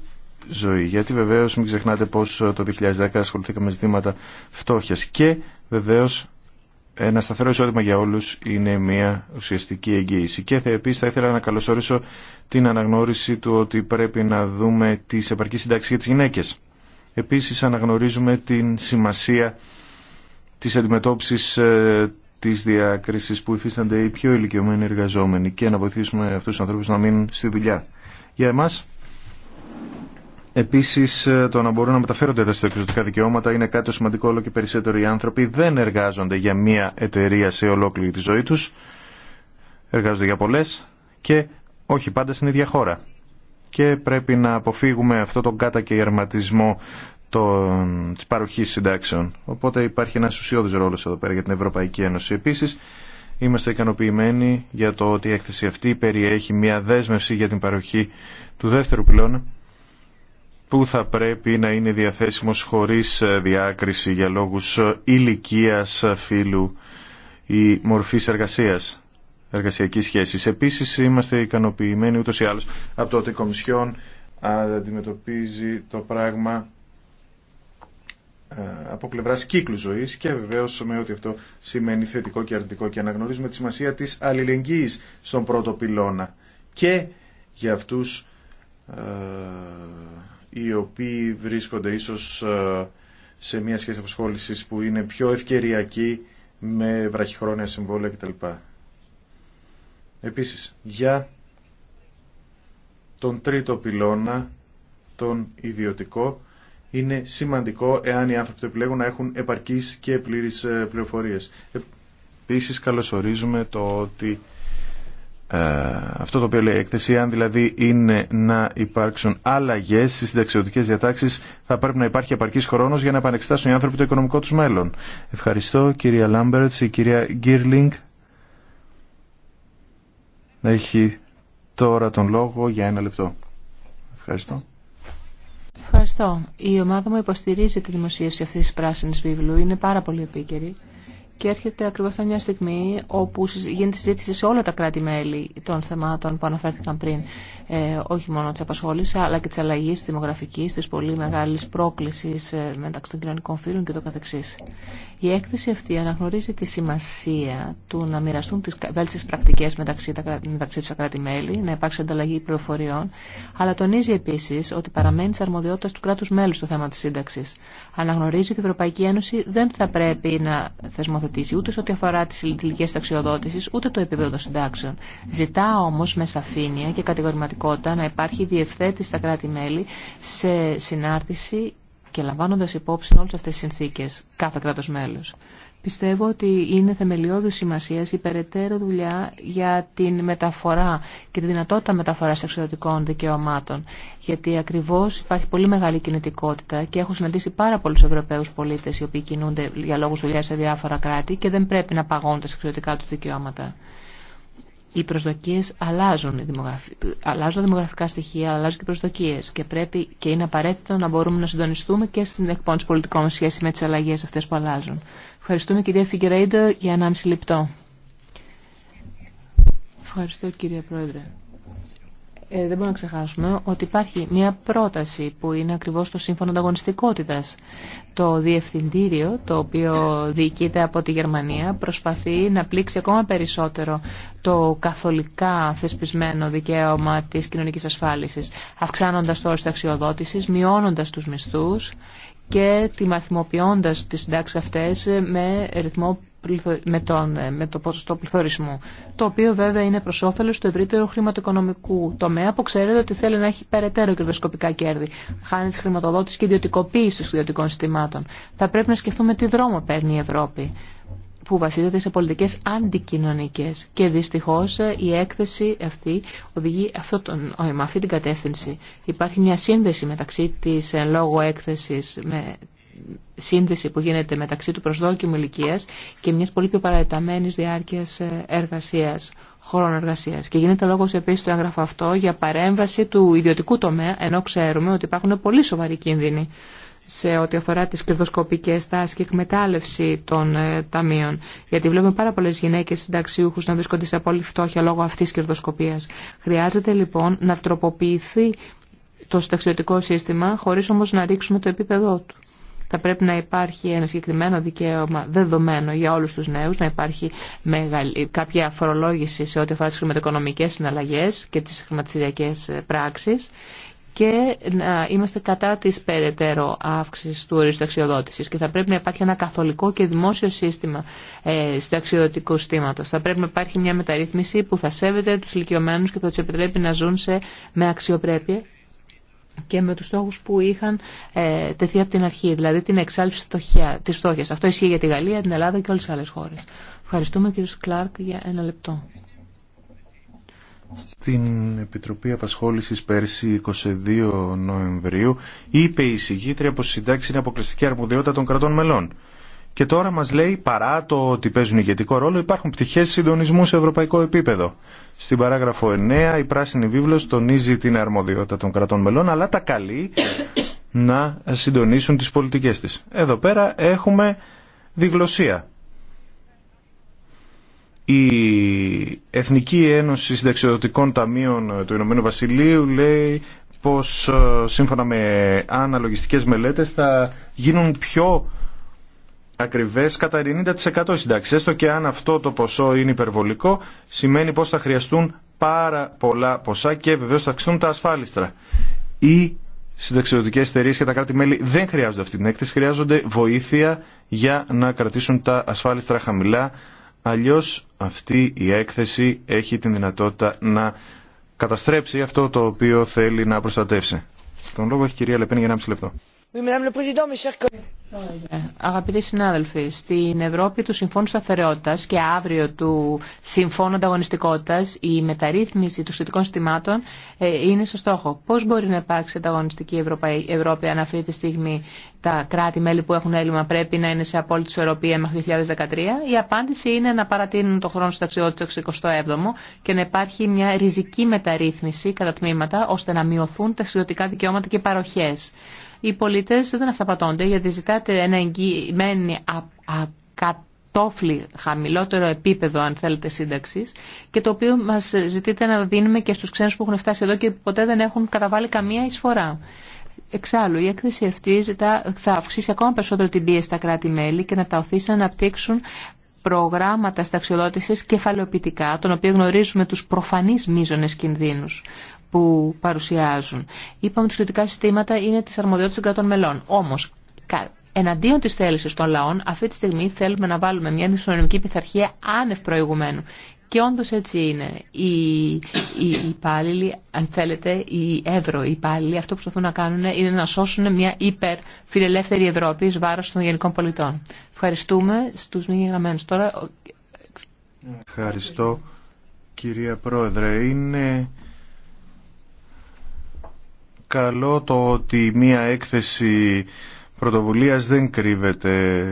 ζωή. Γιατί βεβαίως μην ξεχνάτε πως ε, το 2010 ασχοληθήκαμε με ζητήματα φτώχειας και βεβαίως ένα σταθερό εισόδημα για όλους είναι μια ουσιαστική εγγύηση. Και θα, επίσης θα ήθελα να καλωσορίσω την αναγνώριση του ότι πρέπει να δούμε τις επαρκείς συντάξεις για τις γυναίκες. Επίσης αναγνωρίζουμε την σημασία της αντιμετώπισης ε, Τη διάκριση που υφίστανται οι πιο ηλικιωμένοι εργαζόμενοι και να βοηθήσουμε αυτούς τους ανθρώπους να μείνουν στη δουλειά. Για εμά. επίσης, ε, το να μπορούν να μεταφέρονται τα συνταξιδοτικά δικαιώματα είναι κάτι το σημαντικό όλο και περισσότερο. Οι άνθρωποι δεν εργάζονται για μία εταιρεία σε ολόκληρη τη ζωή τους, εργάζονται για πολλέ και όχι πάντα στην ίδια χώρα. Και πρέπει να αποφύγουμε αυτό τον κατακαιρματισμό τη παροχή συντάξεων. Οπότε υπάρχει ένα ουσιώδη ρόλος εδώ πέρα για την Ευρωπαϊκή Ένωση. Επίση, είμαστε ικανοποιημένοι για το ότι η έκθεση αυτή περιέχει μια δέσμευση για την παροχή του δεύτερου πυλώνα που θα πρέπει να είναι διαθέσιμος χωρίς ε, διάκριση για λόγους ε, ηλικίας, ε, φύλου ή μορφής εργασίας, εργασιακής σχέσης. Επίσης είμαστε ικανοποιημένοι ούτως ή άλλως από το ότι η Κομισιόν αντιμετωπίζει το πράγμα ε, από πλευράς κύκλου ζωή και βεβαίω με ό,τι αυτό σημαίνει θετικό και αρνητικό και αναγνωρίζουμε τη σημασία της αλληλεγγύης στον πρώτο πυλώνα και για αυτού ε, οι οποίοι βρίσκονται ίσως ε, σε μια σχέση αποσχόληση που είναι πιο ευκαιριακή με βραχυχρόνια συμβόλαια κτλ. Επίσης, για τον τρίτο πυλώνα, τον ιδιωτικό, είναι σημαντικό εάν οι άνθρωποι το επιλέγουν να έχουν επαρκείς και πλήρεις ε, πληροφορίες. Επίσης καλωσορίζουμε το ότι ε, αυτό το οποίο λέει η έκθεση, αν δηλαδή είναι να υπάρξουν αλλαγέ στι συνταξιωτικέ διατάξει, θα πρέπει να υπάρχει επαρκή χρόνο για να επανεξετάσουν οι άνθρωποι το οικονομικό του μέλλον. Ευχαριστώ, κυρία Λάμπερτ, η κυρία Γκίρλινγκ. Έχει τώρα τον λόγο για ένα λεπτό. Ευχαριστώ. Ευχαριστώ. Η ομάδα μου υποστηρίζει τη δημοσίευση αυτής της πράσινης βίβλου. Είναι πάρα πολύ επίκαιρη και έρχεται ακριβώς σε μια στιγμή όπου γίνεται συζήτηση σε όλα τα κράτη-μέλη των θεμάτων που αναφέρθηκαν πριν. Ε, όχι μόνο τη απασχόληση, αλλά και τη αλλαγή της δημογραφικής, πολύ μεγάλης πρόκλησης ε, μεταξύ των κοινωνικών φύλων και το καθεξής. Η έκθεση αυτή αναγνωρίζει τη σημασία του να μοιραστούν τι βέλτιστε πρακτικέ μεταξύ, μεταξύ τους κράτη-μέλη, να υπάρξει ανταλλαγή πληροφοριών, αλλά τονίζει επίση ότι παραμένει τη αρμοδιότητα του κράτου μέλους στο θέμα τη σύνταξη. Αναγνωρίζει ότι η Ευρωπαϊκή Ένωση δεν θα πρέπει να θεσμοθετήσει ούτε σε ό,τι αφορά τι ηλικίε ταξιοδότησης, ούτε το επίπεδο των συντάξεων. Ζητά όμω με σαφήνεια και κατηγορηματικά πραγματικότητα να υπάρχει διευθέτηση στα κράτη-μέλη σε συνάρτηση και λαμβάνοντας υπόψη όλες αυτές τις συνθήκες κάθε κράτος μέλος. Πιστεύω ότι είναι θεμελιώδη σημασία η περαιτέρω δουλειά για την μεταφορά και τη δυνατότητα μεταφορά εξωτερικών δικαιωμάτων. Γιατί ακριβώ υπάρχει πολύ μεγάλη κινητικότητα και έχω συναντήσει πάρα πολλού ευρωπαίου πολίτε οι οποίοι κινούνται για λόγου δουλειά σε διάφορα κράτη και δεν πρέπει να παγώνουν τα εξωτερικά του δικαιώματα οι προσδοκίε αλλάζουν. Αλλάζουν δημογραφικά στοιχεία, αλλάζουν και οι προσδοκίε. Και πρέπει και είναι απαραίτητο να μπορούμε να συντονιστούμε και στην εκπόνηση πολιτικών σχέση με τι αλλαγέ αυτέ που αλλάζουν. Ευχαριστούμε κυρία Φιγκερέιντο για 1,5 λεπτό. Ευχαριστώ κυρία Πρόεδρε. Ε, δεν μπορούμε να ξεχάσουμε ότι υπάρχει μια πρόταση που είναι ακριβώς το σύμφωνο ανταγωνιστικότητα. Το διευθυντήριο, το οποίο διοικείται από τη Γερμανία, προσπαθεί να πλήξει ακόμα περισσότερο το καθολικά θεσπισμένο δικαίωμα της κοινωνικής ασφάλισης, αυξάνοντας το όριο αξιοδότηση, μειώνοντας τους μισθού και μαθημοποιώντα τι συντάξει αυτέ με ρυθμό με, τον, ε, με το ποσοστό πληθωρισμού, το οποίο βέβαια είναι προ όφελο του ευρύτερου χρηματοοικονομικού τομέα που ξέρετε ότι θέλει να έχει περαιτέρω κερδοσκοπικά κέρδη, χάνει τη χρηματοδότηση και ιδιωτικοποίηση των ιδιωτικών συστημάτων. Θα πρέπει να σκεφτούμε τι δρόμο παίρνει η Ευρώπη που βασίζεται σε πολιτικές αντικοινωνικές και δυστυχώς ε, η έκθεση αυτή οδηγεί αυτό τον, ε, με αυτή την κατεύθυνση. Υπάρχει μια σύνδεση μεταξύ της λόγω έκθεσης με σύνδεση που γίνεται μεταξύ του προσδόκιμου ηλικία και μιας πολύ πιο παραεταμένης διάρκειας ε, εργασίας, χώρων εργασίας. Και γίνεται λόγος επίσης το έγγραφο αυτό για παρέμβαση του ιδιωτικού τομέα, ενώ ξέρουμε ότι υπάρχουν πολύ σοβαροί κίνδυνοι σε ό,τι αφορά τις κερδοσκοπικές τάσεις και εκμετάλλευση των ε, ταμείων. Γιατί βλέπουμε πάρα πολλές γυναίκες συνταξιούχους να βρίσκονται σε πολύ φτώχεια λόγω αυτής της κερδοσκοπίας. Χρειάζεται λοιπόν να τροποποιηθεί το συνταξιωτικό σύστημα χωρίς όμως να ρίξουμε το επίπεδό του. Θα πρέπει να υπάρχει ένα συγκεκριμένο δικαίωμα δεδομένο για όλους τους νέους, να υπάρχει μεγάλη, κάποια αφορολόγηση σε ό,τι αφορά τις χρηματοοικονομικές συναλλαγές και τις χρηματιστηριακές ε, πράξεις και να είμαστε κατά της περαιτέρω αύξησης του ορίστου αξιοδότηση. Και θα πρέπει να υπάρχει ένα καθολικό και δημόσιο σύστημα ε, αξιοδοτικό στήματο. Θα πρέπει να υπάρχει μια μεταρρύθμιση που θα σέβεται τους ηλικιωμένου και θα του επιτρέπει να ζουν με αξιοπρέπεια και με τους στόχους που είχαν ε, τεθεί από την αρχή, δηλαδή την εξάλληψη τη της φτώχειας. Αυτό ισχύει για τη Γαλλία, την Ελλάδα και όλες τις άλλες χώρες. Ευχαριστούμε κύριο Κλάρκ για ένα λεπτό. Στην Επιτροπή Απασχόλησης πέρσι 22 Νοεμβρίου είπε η συγγήτρια πως η συντάξη είναι αποκλειστική αρμοδιότητα των κρατών μελών. Και τώρα μας λέει, παρά το ότι παίζουν ηγετικό ρόλο, υπάρχουν πτυχές συντονισμού σε ευρωπαϊκό επίπεδο. Στην παράγραφο 9 η πράσινη βίβλος τονίζει την αρμοδιότητα των κρατών μελών, αλλά τα καλεί να συντονίσουν τις πολιτικές της. Εδώ πέρα έχουμε διγλωσία. Η Εθνική Ένωση Συνταξιδοτικών Ταμείων του Ηνωμένου Βασιλείου λέει πως ε, σύμφωνα με αναλογιστικές μελέτες θα γίνουν πιο ακριβές κατά 90% συντάξει. Έστω και αν αυτό το ποσό είναι υπερβολικό, σημαίνει πως θα χρειαστούν πάρα πολλά ποσά και βεβαίως θα αυξηθούν τα ασφάλιστρα. Οι συνταξιδοτικέ εταιρείε και τα κράτη-μέλη δεν χρειάζονται αυτή την έκθεση, χρειάζονται βοήθεια για να κρατήσουν τα ασφάλιστρα χαμηλά. Αλλιώ αυτή η έκθεση έχει την δυνατότητα να καταστρέψει αυτό το οποίο θέλει να προστατεύσει. Τον λόγο έχει η κυρία Λεπέν για ένα μισή λεπτό. Ε, αγαπητοί συνάδελφοι, στην Ευρώπη του Συμφώνου Σταθερότητα και αύριο του Συμφώνου Ανταγωνιστικότητα, η μεταρρύθμιση των σχετικών συστημάτων ε, είναι στο στόχο. Πώ μπορεί να υπάρξει ανταγωνιστική Ευρώπη αν αυτή τη στιγμή τα κράτη-μέλη που έχουν έλλειμμα πρέπει να είναι σε απόλυτη ισορροπία μέχρι το 2013. Η απάντηση είναι να παρατείνουν τον χρόνο συνταξιότητα του 27ο και να υπάρχει μια ριζική μεταρρύθμιση κατά τμήματα ώστε να μειωθούν τα συλλογικά δικαιώματα και παροχέ οι πολιτέ δεν αυταπατώνται γιατί ζητάτε ένα εγγυημένο ακατόφλι χαμηλότερο επίπεδο αν θέλετε σύνταξη και το οποίο μα ζητείτε να δίνουμε και στου ξένου που έχουν φτάσει εδώ και ποτέ δεν έχουν καταβάλει καμία εισφορά. Εξάλλου, η έκθεση αυτή θα αυξήσει ακόμα περισσότερο την πίεση στα κράτη-μέλη και να τα οθήσει να αναπτύξουν προγράμματα σταξιοδότηση κεφαλαιοποιητικά, των οποίων γνωρίζουμε του προφανεί μείζονε κινδύνου που παρουσιάζουν. Είπαμε ότι τα σχετικά συστήματα είναι τη αρμοδιότητα των κρατών μελών. Όμω, εναντίον τη θέληση των λαών, αυτή τη στιγμή θέλουμε να βάλουμε μια δημοσιονομική πειθαρχία άνευ προηγουμένου. Και όντω έτσι είναι. Οι, οι υπάλληλοι, αν θέλετε, οι ευρώ οι υπάλληλοι, αυτό που προσπαθούν να κάνουν είναι να σώσουν μια υπερφιλελεύθερη Ευρώπη ει βάρο των γενικών πολιτών. Ευχαριστούμε στου μη γεγραμμένου τώρα. Ευχαριστώ, κυρία Πρόεδρε. Είναι καλό το ότι μία έκθεση πρωτοβουλίας δεν κρύβεται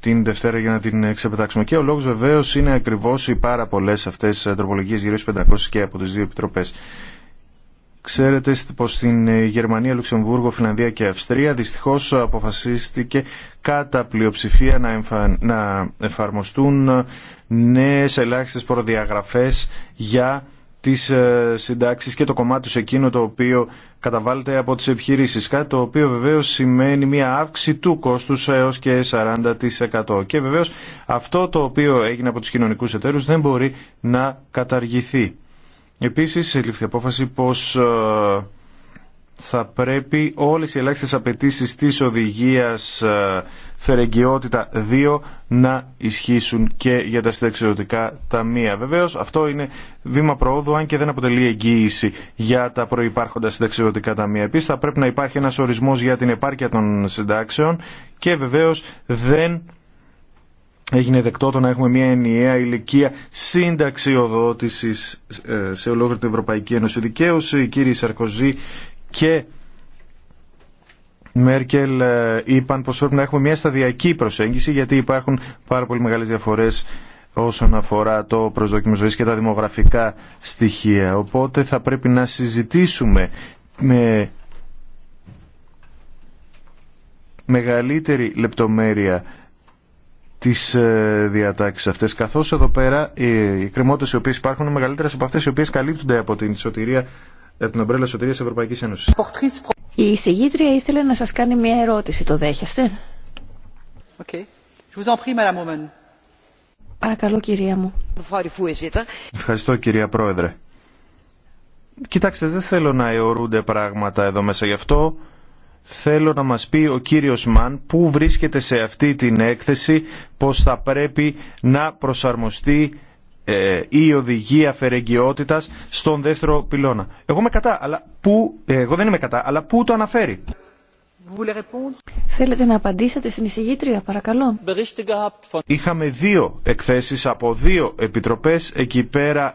την Δευτέρα για να την ξεπετάξουμε. Και ο λόγος βεβαίως είναι ακριβώς οι πάρα πολλές αυτές τροπολογίες γύρω στις 500 και από τις δύο επιτροπές. Ξέρετε πως στην Γερμανία, Λουξεμβούργο, Φιλανδία και Αυστρία δυστυχώς αποφασίστηκε κατά πλειοψηφία να, να εφαρμοστούν νέες ελάχιστες προδιαγραφές για τι ε, συντάξει και το κομμάτι του εκείνο το οποίο καταβάλλεται από τι επιχειρήσει, Κάτι το οποίο βεβαίω σημαίνει μια αύξηση του κόστου έω και 40%. Και βεβαίω αυτό το οποίο έγινε από του κοινωνικού εταίρους δεν μπορεί να καταργηθεί. Επίση, λήφθη απόφαση πως ε, θα πρέπει όλες οι ελάχιστες απαιτήσει της οδηγίας ε, φερεγγιότητα 2 να ισχύσουν και για τα συνταξιδοτικά ταμεία. Βεβαίως αυτό είναι βήμα προόδου αν και δεν αποτελεί εγγύηση για τα προϋπάρχοντα συνταξιδοτικά ταμεία. Επίσης θα πρέπει να υπάρχει ένας ορισμός για την επάρκεια των συντάξεων και βεβαίως δεν έγινε δεκτό το να έχουμε μια ενιαία ηλικία σύνταξιοδότηση ε, σε ολόκληρη την Ευρωπαϊκή Ένωση. Δικαίωση, οι κύριοι Σαρκοζή και Μέρκελ ε, είπαν πως πρέπει να έχουμε μια σταδιακή προσέγγιση γιατί υπάρχουν πάρα πολύ μεγάλες διαφορές όσον αφορά το προσδόκιμο ζωής και τα δημογραφικά στοιχεία. Οπότε θα πρέπει να συζητήσουμε με μεγαλύτερη λεπτομέρεια τις ε, διατάξεις αυτές καθώς εδώ πέρα οι κρεμότητες οι οποίες υπάρχουν είναι μεγαλύτερες από αυτές οι οποίες καλύπτονται από την σωτηρία από την ομπρέλα σωτηρίας Ευρωπαϊκής Ένωσης. Η εισηγήτρια ήθελε να σας κάνει μια ερώτηση. Το δέχεστε? Παρακαλώ, κυρία μου. Ευχαριστώ, κυρία Πρόεδρε. Κοιτάξτε, δεν θέλω να αιωρούνται πράγματα εδώ μέσα. Γι' αυτό θέλω να μας πει ο κύριος Μαν που βρίσκεται σε αυτή την έκθεση πως θα πρέπει να προσαρμοστεί ε, η οδηγία φερεγγιότητας στον δεύτερο πυλώνα. Εγώ, είμαι κατά, αλλά που, ε, εγώ δεν είμαι κατά, αλλά πού το αναφέρει. Θέλετε να απαντήσετε στην εισηγήτρια, παρακαλώ. Είχαμε δύο εκθέσεις από δύο επιτροπές. Εκεί πέρα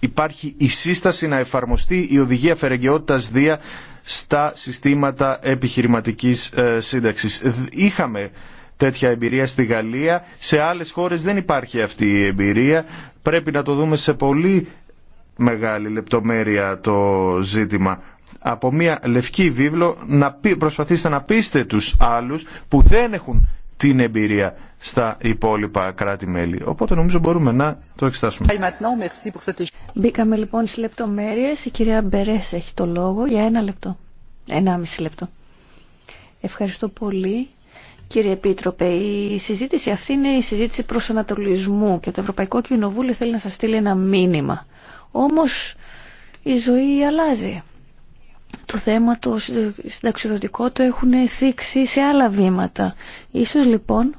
υπάρχει η σύσταση να εφαρμοστεί η οδηγία φερεγγιότητας δία στα συστήματα επιχειρηματικής ε, σύνταξης. Είχαμε τέτοια εμπειρία στη Γαλλία. Σε άλλες χώρες δεν υπάρχει αυτή η εμπειρία. Πρέπει να το δούμε σε πολύ μεγάλη λεπτομέρεια το ζήτημα. Από μια λευκή βίβλο να πει, προσπαθήστε να πείστε τους άλλους που δεν έχουν την εμπειρία στα υπόλοιπα κράτη-μέλη. Οπότε νομίζω μπορούμε να το εξετάσουμε. Μπήκαμε λοιπόν στις λεπτομέρειες. Η κυρία Μπερές έχει το λόγο για ένα λεπτό. Ένα μισή λεπτό. Ευχαριστώ πολύ. Κύριε Επίτροπε, η συζήτηση αυτή είναι η συζήτηση προσανατολισμού και το Ευρωπαϊκό Κοινοβούλιο θέλει να σας στείλει ένα μήνυμα. Όμως η ζωή αλλάζει. Το θέμα το συνταξιδοτικό το έχουν θίξει σε άλλα βήματα. Ίσως λοιπόν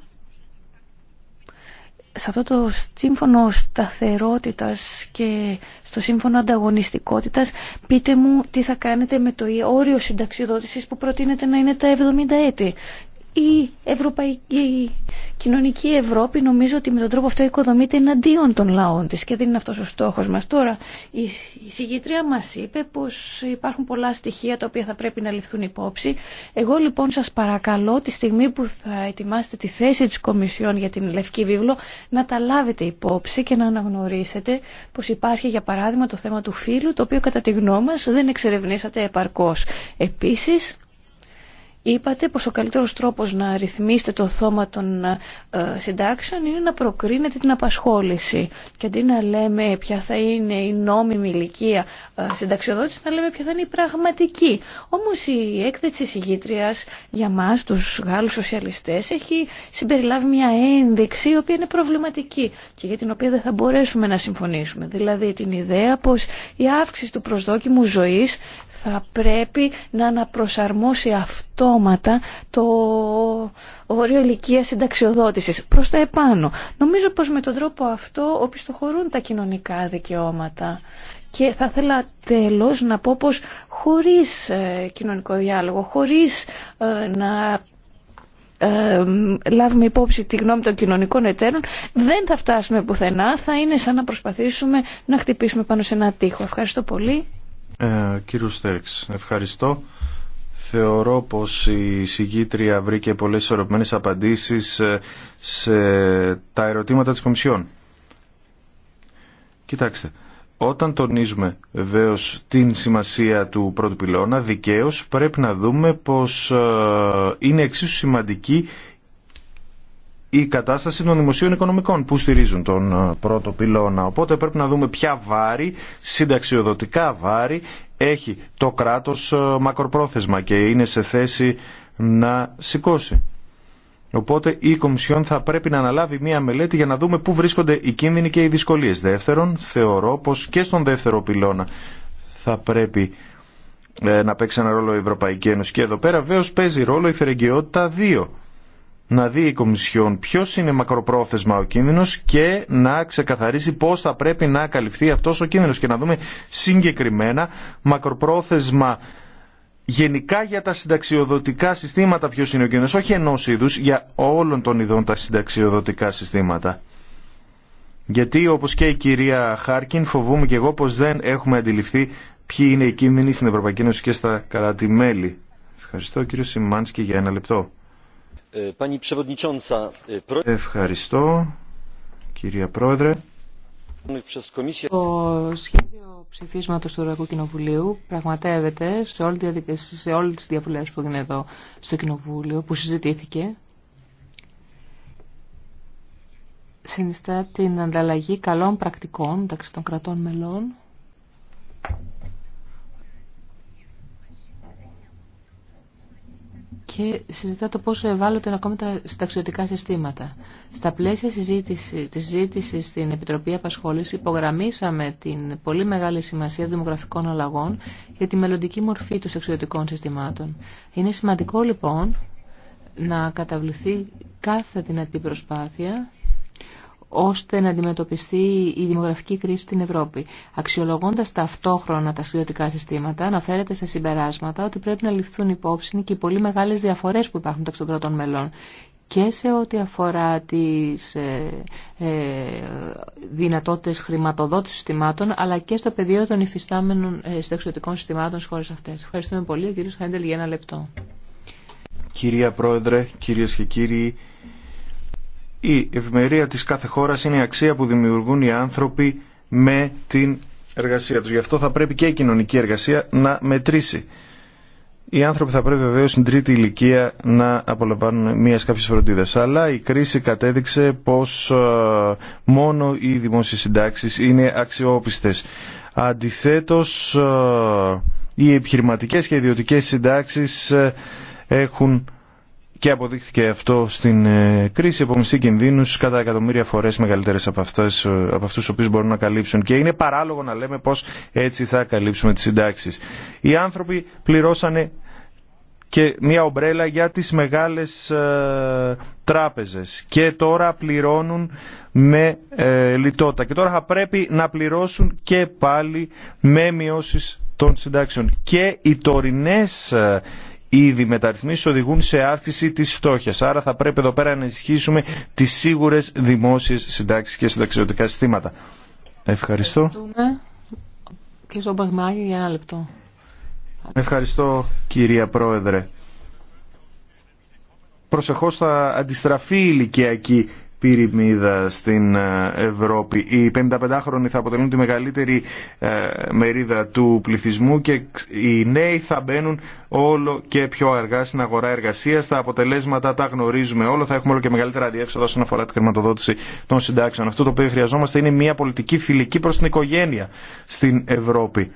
σε αυτό το σύμφωνο σταθερότητας και στο σύμφωνο ανταγωνιστικότητας πείτε μου τι θα κάνετε με το όριο συνταξιδότησης που προτείνεται να είναι τα 70 έτη η, Ευρωπαϊκή, κοινωνική Ευρώπη νομίζω ότι με τον τρόπο αυτό οικοδομείται εναντίον των λαών της και δεν είναι αυτός ο στόχος μας. Τώρα η συγγήτρια μας είπε πως υπάρχουν πολλά στοιχεία τα οποία θα πρέπει να ληφθούν υπόψη. Εγώ λοιπόν σας παρακαλώ τη στιγμή που θα ετοιμάσετε τη θέση της Κομισιόν για την Λευκή Βίβλο να τα λάβετε υπόψη και να αναγνωρίσετε πως υπάρχει για παράδειγμα το θέμα του φύλου το οποίο κατά τη γνώμη μας δεν εξερευνήσατε επαρκώς. Επίσης Είπατε πως ο καλύτερος τρόπος να ρυθμίσετε το θόμα των ε, συντάξεων είναι να προκρίνετε την απασχόληση. Και αντί να λέμε ποια θα είναι η νόμιμη ηλικία ε, συνταξιοδότηση, να λέμε ποια θα είναι η πραγματική. Όμως η έκθεση συγγήτριας για μας, τους Γάλλους σοσιαλιστές, έχει συμπεριλάβει μια ένδειξη η οποία είναι προβληματική και για την οποία δεν θα μπορέσουμε να συμφωνήσουμε. Δηλαδή την ιδέα πως η αύξηση του προσδόκιμου ζωής θα πρέπει να αναπροσαρμόσει αυτόματα το όριο ηλικία συνταξιοδότησης προς τα επάνω. Νομίζω πως με τον τρόπο αυτό οπισθοχωρούν τα κοινωνικά δικαιώματα. Και θα ήθελα τέλος να πω πως χωρίς ε, κοινωνικό διάλογο, χωρίς ε, να ε, λάβουμε υπόψη τη γνώμη των κοινωνικών εταίρων, δεν θα φτάσουμε πουθενά. Θα είναι σαν να προσπαθήσουμε να χτυπήσουμε πάνω σε ένα τείχο. Ευχαριστώ πολύ. Ε, κύριο Στέρξ, ευχαριστώ. Θεωρώ πως η συγκήτρια βρήκε πολλές ισορροπημένες απαντήσεις ε, σε τα ερωτήματα της Κομισιόν. Κοιτάξτε, όταν τονίζουμε βεβαίω την σημασία του πρώτου πυλώνα, δικαίως πρέπει να δούμε πως ε, είναι εξίσου σημαντική η κατάσταση των δημοσίων οικονομικών που στηρίζουν τον ε, πρώτο πυλώνα. Οπότε πρέπει να δούμε ποια βάρη, συνταξιοδοτικά βάρη, έχει το κράτος ε, μακροπρόθεσμα και είναι σε θέση να σηκώσει. Οπότε η Κομισιόν θα πρέπει να αναλάβει μία μελέτη για να δούμε πού βρίσκονται οι κίνδυνοι και οι δυσκολίες. Δεύτερον, θεωρώ πως και στον δεύτερο πυλώνα θα πρέπει ε, να παίξει ένα ρόλο η Ευρωπαϊκή Ένωση. Και εδώ πέρα βέβαιως παίζει ρόλο η φερεγγιότητα 2 να δει η Κομισιόν ποιο είναι μακροπρόθεσμα ο κίνδυνο και να ξεκαθαρίσει πώ θα πρέπει να καλυφθεί αυτό ο κίνδυνος και να δούμε συγκεκριμένα μακροπρόθεσμα γενικά για τα συνταξιοδοτικά συστήματα ποιο είναι ο κίνδυνος, όχι ενό είδου για όλων των ειδών τα συνταξιοδοτικά συστήματα. Γιατί όπω και η κυρία Χάρκιν φοβούμαι και εγώ πω δεν έχουμε αντιληφθεί ποιοι είναι οι κίνδυνοι στην Ευρωπαϊκή Ένωση και στα κράτη-μέλη. Ευχαριστώ κύριο Σιμάνσκι για ένα λεπτό. E, Ευχαριστώ, κυρία Πρόεδρε. Το σχέδιο ψηφίσματο του Ευρωπαϊκού Κοινοβουλίου πραγματεύεται σε, όλη, σε όλες που έγινε εδώ στο Κοινοβούλιο, που συζητήθηκε. Συνιστά την ανταλλαγή καλών πρακτικών μεταξύ των κρατών μελών και συζητά το πόσο ευάλωτα είναι ακόμα τα συνταξιωτικά συστήματα. Στα πλαίσια τη της συζήτηση στην Επιτροπή Απασχόληση υπογραμμίσαμε την πολύ μεγάλη σημασία των δημογραφικών αλλαγών για τη μελλοντική μορφή των συνταξιωτικών συστημάτων. Είναι σημαντικό λοιπόν να καταβληθεί κάθε δυνατή προσπάθεια ώστε να αντιμετωπιστεί η δημογραφική κρίση στην Ευρώπη. Αξιολογώντα ταυτόχρονα τα συλλογικά συστήματα, αναφέρεται σε συμπεράσματα ότι πρέπει να ληφθούν υπόψη και οι πολύ μεγάλε διαφορέ που υπάρχουν μεταξύ των κρατών μελών και σε ό,τι αφορά τις ε, ε, δυνατότητες χρηματοδότησης συστημάτων, αλλά και στο πεδίο των υφιστάμενων ε, συστημάτων στις χώρες αυτές. Ευχαριστούμε πολύ, ο κύριος Χάντελ για ένα λεπτό. Κυρία Πρόεδρε, κυρίες και κύριοι, η ευημερία της κάθε χώρας είναι η αξία που δημιουργούν οι άνθρωποι με την εργασία τους. Γι' αυτό θα πρέπει και η κοινωνική εργασία να μετρήσει. Οι άνθρωποι θα πρέπει βεβαίως στην τρίτη ηλικία να απολαμβάνουν μια κάποιε φροντίδα. Αλλά η κρίση κατέδειξε πω ε, μόνο οι δημόσιε συντάξει είναι αξιόπιστε. Αντιθέτω, ε, οι επιχειρηματικές και ιδιωτικέ συντάξει ε, έχουν και αποδείχθηκε αυτό στην ε, κρίση μισή κινδύνου κατά εκατομμύρια φορέ μεγαλύτερε από, αυτές, ε, από αυτού του οποίου μπορούν να καλύψουν. Και είναι παράλογο να λέμε πω έτσι θα καλύψουμε τι συντάξει. Οι άνθρωποι πληρώσανε και μια ομπρέλα για τις μεγάλες ε, τράπεζες και τώρα πληρώνουν με ε, λιτότητα και τώρα θα πρέπει να πληρώσουν και πάλι με μειώσεις των συντάξεων και οι τωρινές ε, οι μεταρρυθμίσεις οδηγούν σε αύξηση της φτώχειας. Άρα θα πρέπει εδώ πέρα να ενισχύσουμε τις σίγουρες δημόσιες συντάξεις και συνταξιωτικά συστήματα. Ευχαριστώ. για ένα λεπτό. Ευχαριστώ κυρία Πρόεδρε. Προσεχώς θα αντιστραφεί η ηλικιακή πυρημίδα στην ε, Ευρώπη. Οι 55χρονοι θα αποτελούν τη μεγαλύτερη ε, μερίδα του πληθυσμού και οι νέοι θα μπαίνουν όλο και πιο αργά στην αγορά εργασίας. Τα αποτελέσματα τα γνωρίζουμε όλο, θα έχουμε όλο και μεγαλύτερα διεύσοδα όσον αφορά τη χρηματοδότηση των συντάξεων. Αυτό το οποίο χρειαζόμαστε είναι μια πολιτική φιλική προς την οικογένεια στην Ευρώπη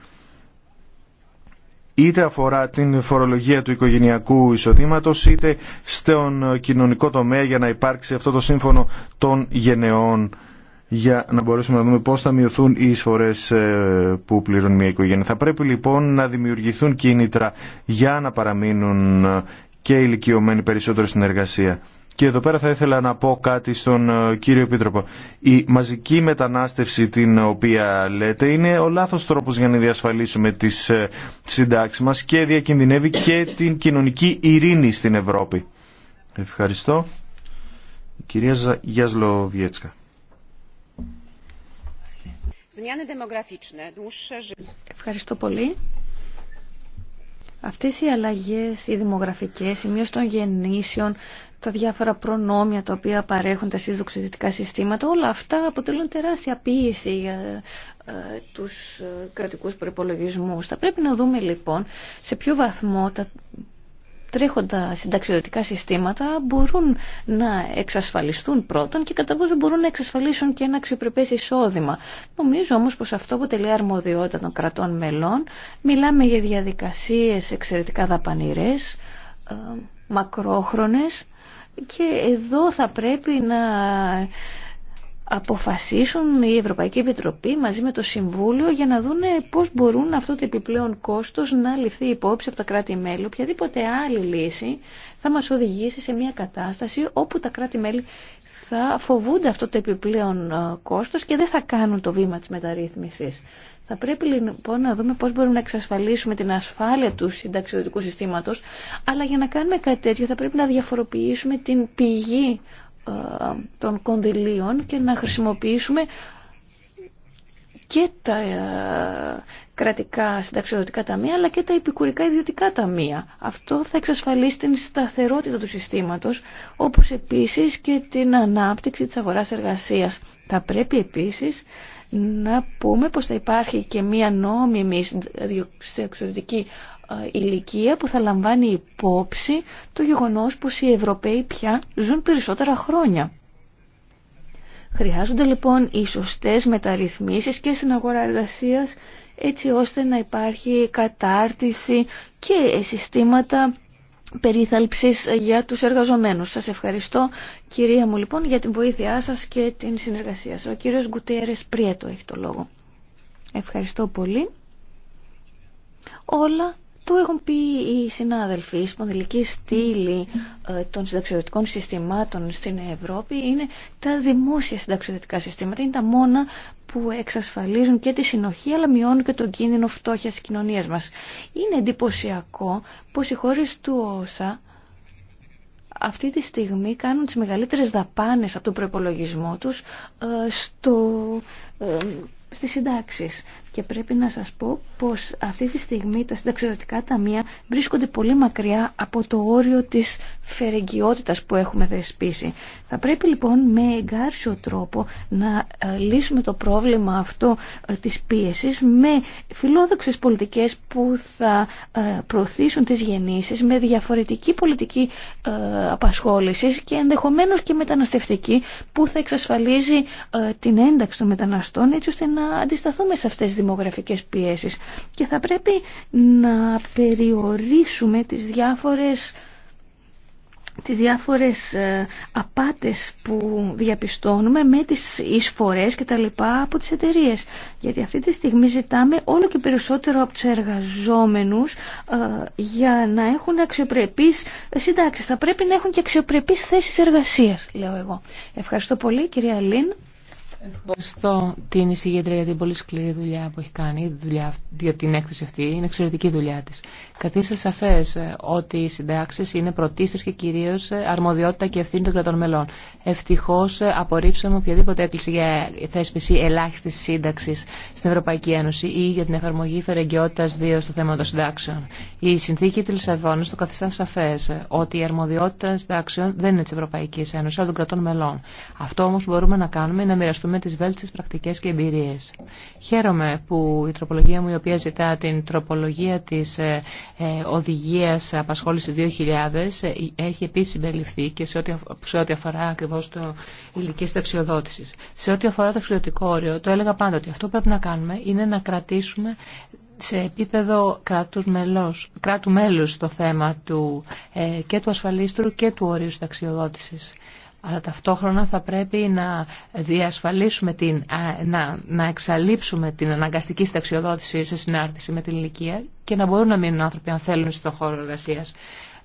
είτε αφορά την φορολογία του οικογενειακού εισοδήματος είτε στον κοινωνικό τομέα για να υπάρξει αυτό το σύμφωνο των γενεών για να μπορέσουμε να δούμε πώς θα μειωθούν οι εισφορές ε, που πληρώνει μια οικογένεια. Θα πρέπει λοιπόν να δημιουργηθούν κίνητρα για να παραμείνουν ε, και ηλικιωμένοι περισσότερο στην εργασία. Και εδώ πέρα θα ήθελα να πω κάτι στον ε, κύριο Επίτροπο. Η μαζική μετανάστευση την οποία λέτε είναι ο λάθος τρόπος για να διασφαλίσουμε τις ε, συντάξεις μας και διακινδυνεύει και την κοινωνική ειρήνη στην Ευρώπη. Ευχαριστώ. Η κυρία Γιάσλο Βιέτσκα. Ευχαριστώ πολύ. Αυτές οι αλλαγές, οι δημογραφικές, η μείωση των γεννήσεων, τα διάφορα προνόμια τα οποία παρέχουν τα συνταξιδετικά συστήματα, όλα αυτά αποτελούν τεράστια πίεση για ε, τους ε, κρατικούς προϋπολογισμούς. Θα πρέπει να δούμε λοιπόν σε ποιο βαθμό τα τρέχοντα συνταξιδοτικά συστήματα μπορούν να εξασφαλιστούν πρώτον και κατά πόσο μπορούν να εξασφαλίσουν και ένα αξιοπρεπές εισόδημα. Νομίζω όμως πως αυτό αποτελεί αρμοδιότητα των κρατών μελών. Μιλάμε για διαδικασίες εξαιρετικά δαπανηρές, ε, μακρόχρονες και εδώ θα πρέπει να αποφασίσουν η Ευρωπαϊκή Επιτροπή μαζί με το Συμβούλιο για να δούνε πώς μπορούν αυτό το επιπλέον κόστος να ληφθεί υπόψη από τα κράτη-μέλη. Οποιαδήποτε άλλη λύση θα μας οδηγήσει σε μια κατάσταση όπου τα κράτη-μέλη θα φοβούνται αυτό το επιπλέον ε, κόστος και δεν θα κάνουν το βήμα της μεταρρύθμισης. Θα πρέπει λοιπόν να δούμε πώς μπορούμε να εξασφαλίσουμε την ασφάλεια του συνταξιδοτικού συστήματος, αλλά για να κάνουμε κάτι τέτοιο θα πρέπει να διαφοροποιήσουμε την πηγή ε, των κονδυλίων και να χρησιμοποιήσουμε και τα ε, κρατικά συνταξιδοτικά ταμεία αλλά και τα επικουρικά ιδιωτικά ταμεία. Αυτό θα εξασφαλίσει την σταθερότητα του συστήματος όπως επίσης και την ανάπτυξη της αγοράς εργασίας. Θα πρέπει επίσης να πούμε πως θα υπάρχει και μία νόμιμη εξωτερική ε, ηλικία που θα λαμβάνει υπόψη το γεγονός πως οι Ευρωπαίοι πια ζουν περισσότερα χρόνια. Χρειάζονται λοιπόν οι σωστές μεταρρυθμίσεις και στην αγορά εργασίας έτσι ώστε να υπάρχει κατάρτιση και συστήματα περίθαλψης για τους εργαζομένους. Σας ευχαριστώ κυρία μου λοιπόν για την βοήθειά σας και την συνεργασία σας. Ο κύριος Γκουτέρες Πριέτο έχει το λόγο. Ευχαριστώ πολύ. Όλα το έχουν πει οι συνάδελφοι. Η σπονδυλική στήλη ε, των συνταξιδοτικών συστημάτων στην Ευρώπη είναι τα δημόσια συνταξιδοτικά συστήματα. Είναι τα μόνα που εξασφαλίζουν και τη συνοχή αλλά μειώνουν και τον κίνδυνο φτώχεια τη κοινωνία μα. Είναι εντυπωσιακό πω οι χώρε του ΩΣΑ αυτή τη στιγμή κάνουν τις μεγαλύτερες δαπάνες από τον προπολογισμό τους ε, στο, ε, στις συντάξεις. Και πρέπει να σας πω πως αυτή τη στιγμή τα συνταξιδοτικά ταμεία βρίσκονται πολύ μακριά από το όριο της φερεγγιότητας που έχουμε δεσπίσει. Θα πρέπει λοιπόν με εγκάρσιο τρόπο να ε, λύσουμε το πρόβλημα αυτό ε, της πίεσης με φιλόδοξες πολιτικές που θα ε, προωθήσουν τις γεννήσεις με διαφορετική πολιτική απασχόληση και ενδεχομένως και μεταναστευτική που θα εξασφαλίζει την ένταξη των μεταναστών έτσι ώστε να αντισταθούμε σε αυτές τις δημογραφικές πιέσεις και θα πρέπει να περιορίσουμε τις διάφορες τις διάφορες ε, απάτες που διαπιστώνουμε με τις εισφορές και τα λοιπά από τις εταιρείες. Γιατί αυτή τη στιγμή ζητάμε όλο και περισσότερο από τους εργαζόμενους ε, για να έχουν αξιοπρεπείς συντάξεις. Θα πρέπει να έχουν και αξιοπρεπείς θέσεις εργασίας, λέω εγώ. Ευχαριστώ πολύ κυρία Λίν. Ευχαριστώ την εισηγήτρια για την πολύ σκληρή δουλειά που έχει κάνει δουλειά, για την έκθεση αυτή. Είναι εξαιρετική δουλειά τη. Καθίστε σαφέ ε, ότι οι συντάξει είναι πρωτίστω και κυρίω ε, αρμοδιότητα και ευθύνη των κρατών μελών. Ευτυχώ ε, απορρίψαμε οποιαδήποτε έκκληση για θέσπιση ελάχιστη σύνταξη στην Ευρωπαϊκή Ένωση ή για την εφαρμογή φερεγκαιότητα 2 στο θέμα των συντάξεων. Η συνθήκη τη Λισαβόνα το καθιστά σαφέ ότι η αρμοδιότητα συντάξεων δεν είναι τη Ευρωπαϊκή Ένωση, αλλά των κρατών μελών. Αυτό όμω μπορούμε να κάνουμε να μοιραστούμε με τις βέλτιστες πρακτικές και εμπειρίες. Χαίρομαι που η τροπολογία μου η οποία ζητά την τροπολογία της ε, ε, οδηγίας απασχόληση 2000 ε, έχει επίσης συμπεριληφθεί και σε ό,τι αφορά ακριβώς το ηλικία ταξιοδότησης. Σε ό,τι αφορά το φιλοτικό όριο, το έλεγα πάντα ότι αυτό που πρέπει να κάνουμε είναι να κρατήσουμε σε επίπεδο κράτους κράτου μέλους το θέμα του, και του ασφαλίστρου και του ορίου ταξιοδότησης αλλά ταυτόχρονα θα πρέπει να διασφαλίσουμε την, να, να εξαλείψουμε την αναγκαστική σταξιοδότηση σε συνάρτηση με την ηλικία και να μπορούν να μείνουν άνθρωποι αν θέλουν στον χώρο εργασία.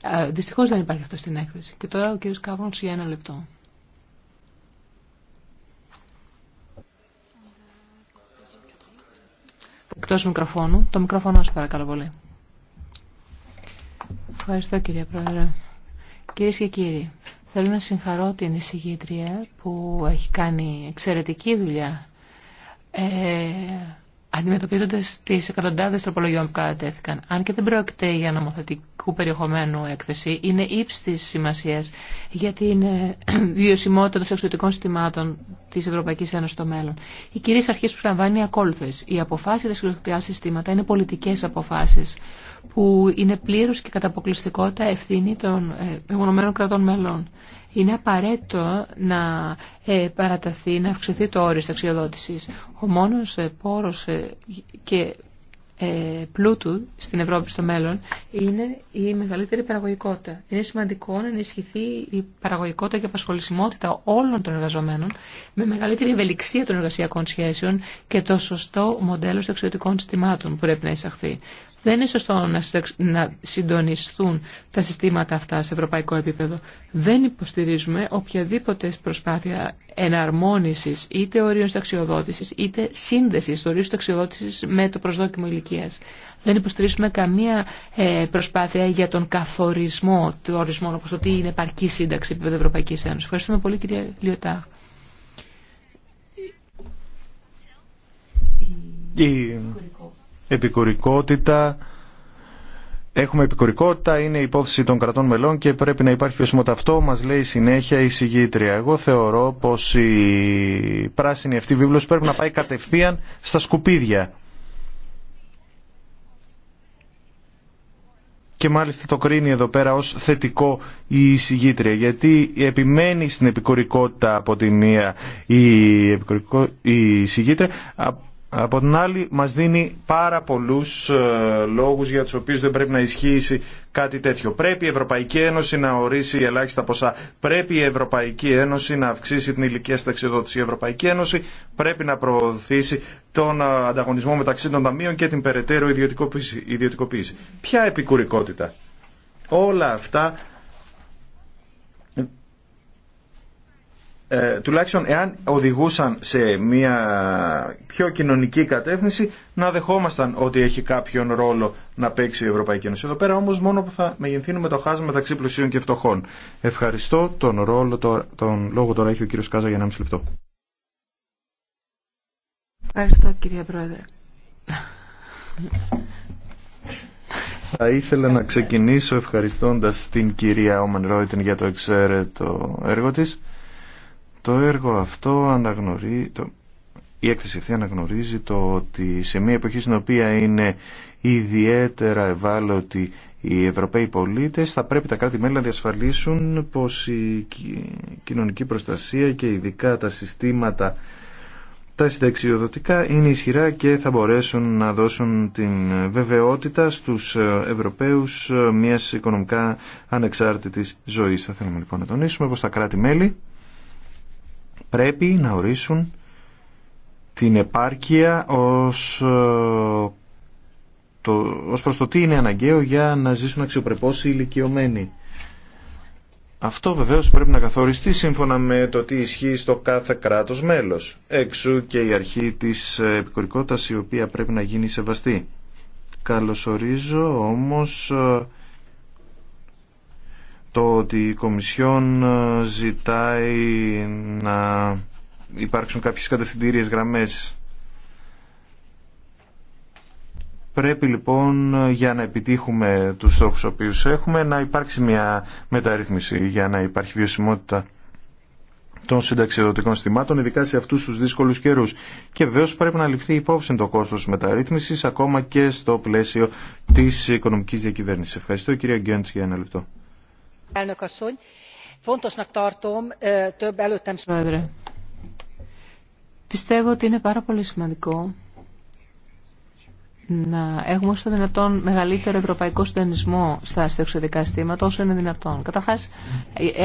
Ε, Δυστυχώ δεν υπάρχει αυτό στην έκθεση. Και τώρα ο κ. Κάβρον για ένα λεπτό. Εκτό μικροφώνου. Το μικρόφωνο σας παρακαλώ πολύ. Ευχαριστώ κύριε Πρόεδρε. Κυρίε και κύριοι, Θέλω να συγχαρώ την εισηγήτρια που έχει κάνει εξαιρετική δουλειά. Ε, Αντιμετωπίζοντα τι εκατοντάδε τροπολογιών που κατατέθηκαν. Αν και δεν πρόκειται για νομοθετικού περιεχομένου έκθεση, είναι ύψιστη σημασία για την ε, βιωσιμότητα των εξωτικών συστημάτων τη Ευρωπαϊκή Ένωση στο μέλλον. Οι κυρίε αρχέ που λαμβάνει είναι Οι αποφάσει για τα εξωτικά συστήματα είναι πολιτικέ αποφάσει που είναι πλήρω και κατά αποκλειστικότητα ευθύνη των εγγονωμένων κρατών μελών είναι απαραίτητο να ε, παραταθεί, να αυξηθεί το όριο αξιοδότησης. Ο μόνος ε, πόρος ε, και πλούτου στην Ευρώπη στο μέλλον είναι η μεγαλύτερη παραγωγικότητα. Είναι σημαντικό να ενισχυθεί η παραγωγικότητα και η απασχολησιμότητα όλων των εργαζομένων με μεγαλύτερη ευελιξία των εργασιακών σχέσεων και το σωστό μοντέλο εξωτικών συστημάτων που πρέπει να εισαχθεί. Δεν είναι σωστό να συντονιστούν τα συστήματα αυτά σε ευρωπαϊκό επίπεδο. Δεν υποστηρίζουμε οποιαδήποτε προσπάθεια εναρμόνισης είτε ορίων ταξιοδότηση είτε σύνδεση ορίων ταξιοδότηση με το προσδόκιμο ηλικία. Δεν υποστηρίζουμε καμία ε, προσπάθεια για τον καθορισμό του ορισμού όπω το τι είναι επαρκή σύνταξη επίπεδο Ευρωπαϊκή Ένωση. Ευχαριστούμε πολύ, κυρία Λιωτά επικουρικότητα. Έχουμε επικουρικότητα, είναι η υπόθεση των κρατών μελών και πρέπει να υπάρχει βιωσιμότητα. Αυτό μα λέει συνέχεια η συγγήτρια. Εγώ θεωρώ πω η πράσινη αυτή βίβλος πρέπει να πάει κατευθείαν στα σκουπίδια. Και μάλιστα το κρίνει εδώ πέρα ως θετικό η συγγήτρια, γιατί επιμένει στην επικορικότητα από τη μία η, η συγγήτρια, από την άλλη, μας δίνει πάρα πολλούς ε, λόγους για τους οποίους δεν πρέπει να ισχύσει κάτι τέτοιο. Πρέπει η Ευρωπαϊκή Ένωση να ορίσει ελάχιστα ποσά. Πρέπει η Ευρωπαϊκή Ένωση να αυξήσει την ηλικία σταξιδότηση. Η Ευρωπαϊκή Ένωση πρέπει να προωθήσει τον ε, ανταγωνισμό μεταξύ των ταμείων και την περαιτέρω ιδιωτικοποίηση. Ποια επικουρικότητα. Όλα αυτά ε, τουλάχιστον εάν οδηγούσαν σε μια πιο κοινωνική κατεύθυνση, να δεχόμασταν ότι έχει κάποιον ρόλο να παίξει η Ευρωπαϊκή Ένωση. Εδώ πέρα όμως μόνο που θα μεγενθύνουμε το χάσμα μεταξύ πλουσίων και φτωχών. Ευχαριστώ. Τον, ρόλο, τον, λόγο τώρα έχει ο κύριος Κάζα για μισή λεπτό. Ευχαριστώ κύριε Πρόεδρε. Θα ήθελα να ξεκινήσω ευχαριστώντας την κυρία Όμεν Ρόιτεν για το εξαίρετο έργο της το έργο αυτό αναγνωρίζει, το, η έκθεση αυτή αναγνωρίζει το ότι σε μια εποχή στην οποία είναι ιδιαίτερα ευάλωτοι οι Ευρωπαίοι πολίτες θα πρέπει τα κράτη-μέλη να διασφαλίσουν πως η κοινωνική προστασία και ειδικά τα συστήματα τα συνταξιοδοτικά είναι ισχυρά και θα μπορέσουν να δώσουν την βεβαιότητα στους Ευρωπαίους μιας οικονομικά ανεξάρτητης ζωής. Θα θέλουμε λοιπόν να τονίσουμε πως τα κράτη-μέλη πρέπει να ορίσουν την επάρκεια ως, ε, το, ως προς το τι είναι αναγκαίο για να ζήσουν αξιοπρεπώς οι ηλικιωμένοι. Αυτό βεβαίως πρέπει να καθοριστεί σύμφωνα με το τι ισχύει στο κάθε κράτος μέλος. Έξω και η αρχή της ε, επικορικότητας η οποία πρέπει να γίνει σεβαστή. Καλωσορίζω όμως ε, το ότι η Κομισιόν ε, ζητάει να υπάρξουν κάποιες κατευθυντήριες γραμμές. Πρέπει λοιπόν για να επιτύχουμε τους στόχους οποίους έχουμε να υπάρξει μια μεταρρύθμιση για να υπάρχει βιωσιμότητα των συνταξιδοτικών συστημάτων, ειδικά σε αυτούς τους δύσκολους καιρούς. Και βεβαίω πρέπει να ληφθεί υπόψη το κόστος μεταρρύθμισης ακόμα και στο πλαίσιο της οικονομικής διακυβέρνησης. Ευχαριστώ κυρία Γκέντς για ένα λεπτό πιστεύω ότι είναι πάρα πολύ σημαντικό να έχουμε όσο δυνατόν μεγαλύτερο ευρωπαϊκό συντονισμό στα στεξιωτικά στήματα όσο είναι δυνατόν. Καταρχά,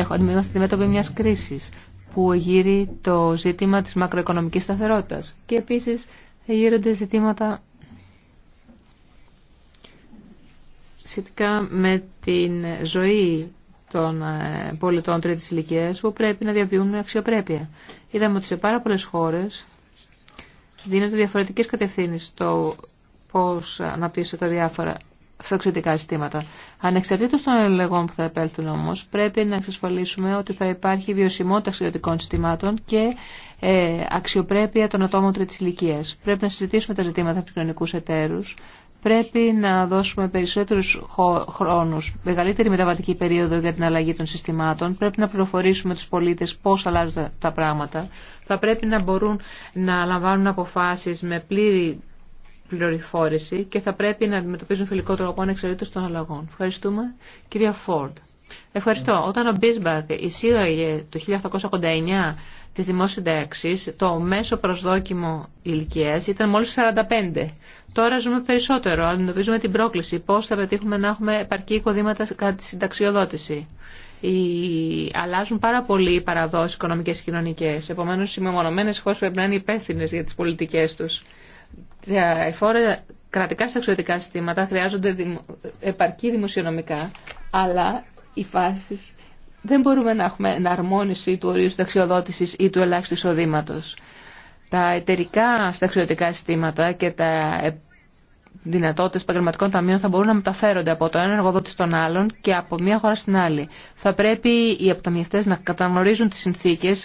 ε, είμαστε αντιμέτωποι μια κρίση που γύρει το ζήτημα τη μακροοικονομική σταθερότητα. και επίση γύρονται ζητήματα σχετικά με την ζωή των ε, πολιτών τρίτη ηλικία που πρέπει να διαβιούν με αξιοπρέπεια. Είδαμε ότι σε πάρα πολλέ χώρε δίνονται διαφορετικέ κατευθύνσεις στο πώ αναπτύσσονται τα διάφορα εξωτικά συστήματα. Ανεξαρτήτως των ελεγών που θα επέλθουν όμω, πρέπει να εξασφαλίσουμε ότι θα υπάρχει βιωσιμότητα αξιωτικών συστημάτων και ε, αξιοπρέπεια των ατόμων τρίτης ηλικία. Πρέπει να συζητήσουμε τα ζητήματα από του εταίρους, πρέπει να δώσουμε περισσότερους χρόνους, μεγαλύτερη μεταβατική περίοδο για την αλλαγή των συστημάτων, πρέπει να πληροφορήσουμε τους πολίτες πώς αλλάζουν τα πράγματα, θα πρέπει να μπορούν να λαμβάνουν αποφάσεις με πλήρη πληροφόρηση και θα πρέπει να αντιμετωπίζουν φιλικό τρόπο ανεξαρτήτως των αλλαγών. Ευχαριστούμε. Κυρία Φόρντ. Ευχαριστώ. Όταν ο Μπίσμπαρκ εισήγαγε το 1889 της Δημόσιας συντάξεις, το μέσο προσδόκιμο ηλικίας ήταν μόλις 45. Τώρα ζούμε περισσότερο, αντιμετωπίζουμε την πρόκληση. Πώ θα πετύχουμε να έχουμε επαρκή οικοδήματα κατά τη συνταξιοδότηση. Οι... Αλλάζουν πάρα πολύ οι παραδόσει οικονομικέ και κοινωνικέ. Επομένω, οι μεμονωμένε χώρε πρέπει να είναι υπεύθυνε για τι πολιτικέ του. Τα εφόρα κρατικά συνταξιοδοτικά συστήματα χρειάζονται επαρκή δημοσιονομικά, αλλά οι φάσει δεν μπορούμε να έχουμε εναρμόνιση του ορίου συνταξιοδότηση ή του ελάχιστου εισοδήματο τα εταιρικά σταξιδιωτικά συστήματα και τα ε, δυνατότητε επαγγελματικών ταμείων θα μπορούν να μεταφέρονται από το ένα εργοδότη στον άλλον και από μία χώρα στην άλλη. Θα πρέπει οι αποταμιευτέ να κατανορίζουν τι συνθήκε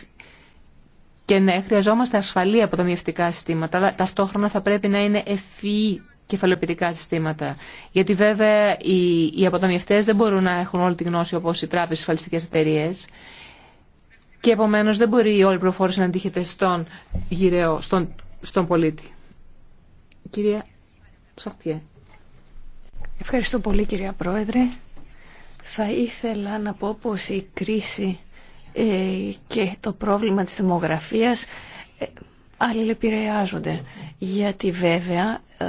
και να χρειαζόμαστε ασφαλή αποταμιευτικά συστήματα, αλλά ταυτόχρονα θα πρέπει να είναι ευφυή κεφαλαιοποιητικά συστήματα. Γιατί βέβαια οι, οι αποταμιευτέ δεν μπορούν να έχουν όλη τη γνώση όπω οι τράπεζε, οι ασφαλιστικέ εταιρείε και επομένως δεν μπορεί η όλη προφόρηση να αντίχεται στον γυραίο, στον, στον πολίτη. Κυρία Σαρτιέ. Ευχαριστώ πολύ κυρία Πρόεδρε. Θα ήθελα να πω πως η κρίση ε, και το πρόβλημα της δημογραφίας ε, αλληλεπηρεάζονται. Γιατί βέβαια ε,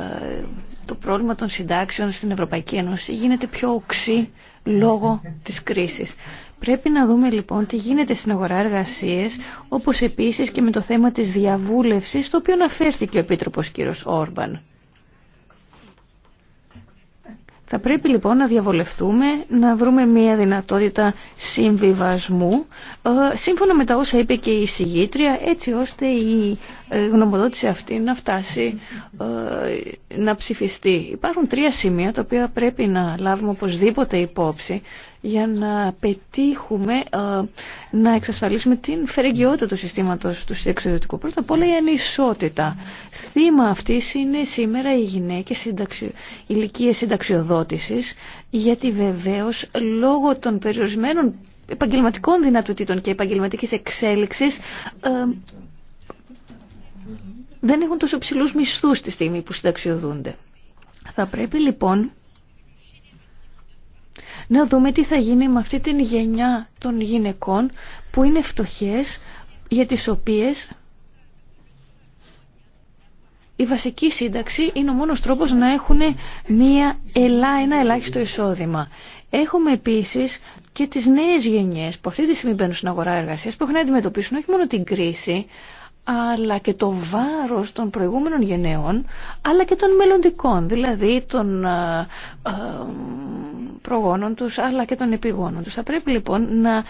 το πρόβλημα των συντάξεων στην Ευρωπαϊκή Ένωση γίνεται πιο οξύ λόγω της κρίσης. Πρέπει να δούμε λοιπόν τι γίνεται στην αγορά εργασίες, όπω επίσης και με το θέμα της διαβούλευση, το οποίο αναφέρθηκε ο επίτροπο κ. Όρμπαν. Θα πρέπει λοιπόν να διαβολευτούμε, να βρούμε μια δυνατότητα συμβιβασμού, ε, σύμφωνα με τα όσα είπε και η συγγήτρια, έτσι ώστε η ε, γνωμοδότηση αυτή να φτάσει ε, να ψηφιστεί. Υπάρχουν τρία σημεία τα οποία πρέπει να λάβουμε οπωσδήποτε υπόψη για να πετύχουμε ε, να εξασφαλίσουμε την φερεγγιότητα του συστήματος του συνταξιοδοτικού. Πρώτα απ' όλα η ανισότητα. Θύμα αυτής είναι σήμερα οι γυναίκες συνταξι... ηλικίες συνταξιοδότησης γιατί βεβαίως λόγω των περιορισμένων επαγγελματικών δυνατοτήτων και επαγγελματικής εξέλιξης ε, δεν έχουν τόσο ψηλούς μισθούς τη στιγμή που συνταξιοδούνται. Θα πρέπει λοιπόν να δούμε τι θα γίνει με αυτή την γενιά των γυναικών που είναι φτωχές, για τις οποίες η βασική σύνταξη είναι ο μόνος τρόπος να έχουν μια ελά, ένα ελάχιστο εισόδημα. Έχουμε επίσης και τις νέες γενιές που αυτή τη στιγμή μπαίνουν στην αγορά εργασίας που έχουν να αντιμετωπίσουν όχι μόνο την κρίση αλλά και το βάρος των προηγούμενων γενναίων, αλλά και των μελλοντικών, δηλαδή των ε, ε, προγόνων τους, αλλά και των επιγόνων τους. Θα πρέπει λοιπόν να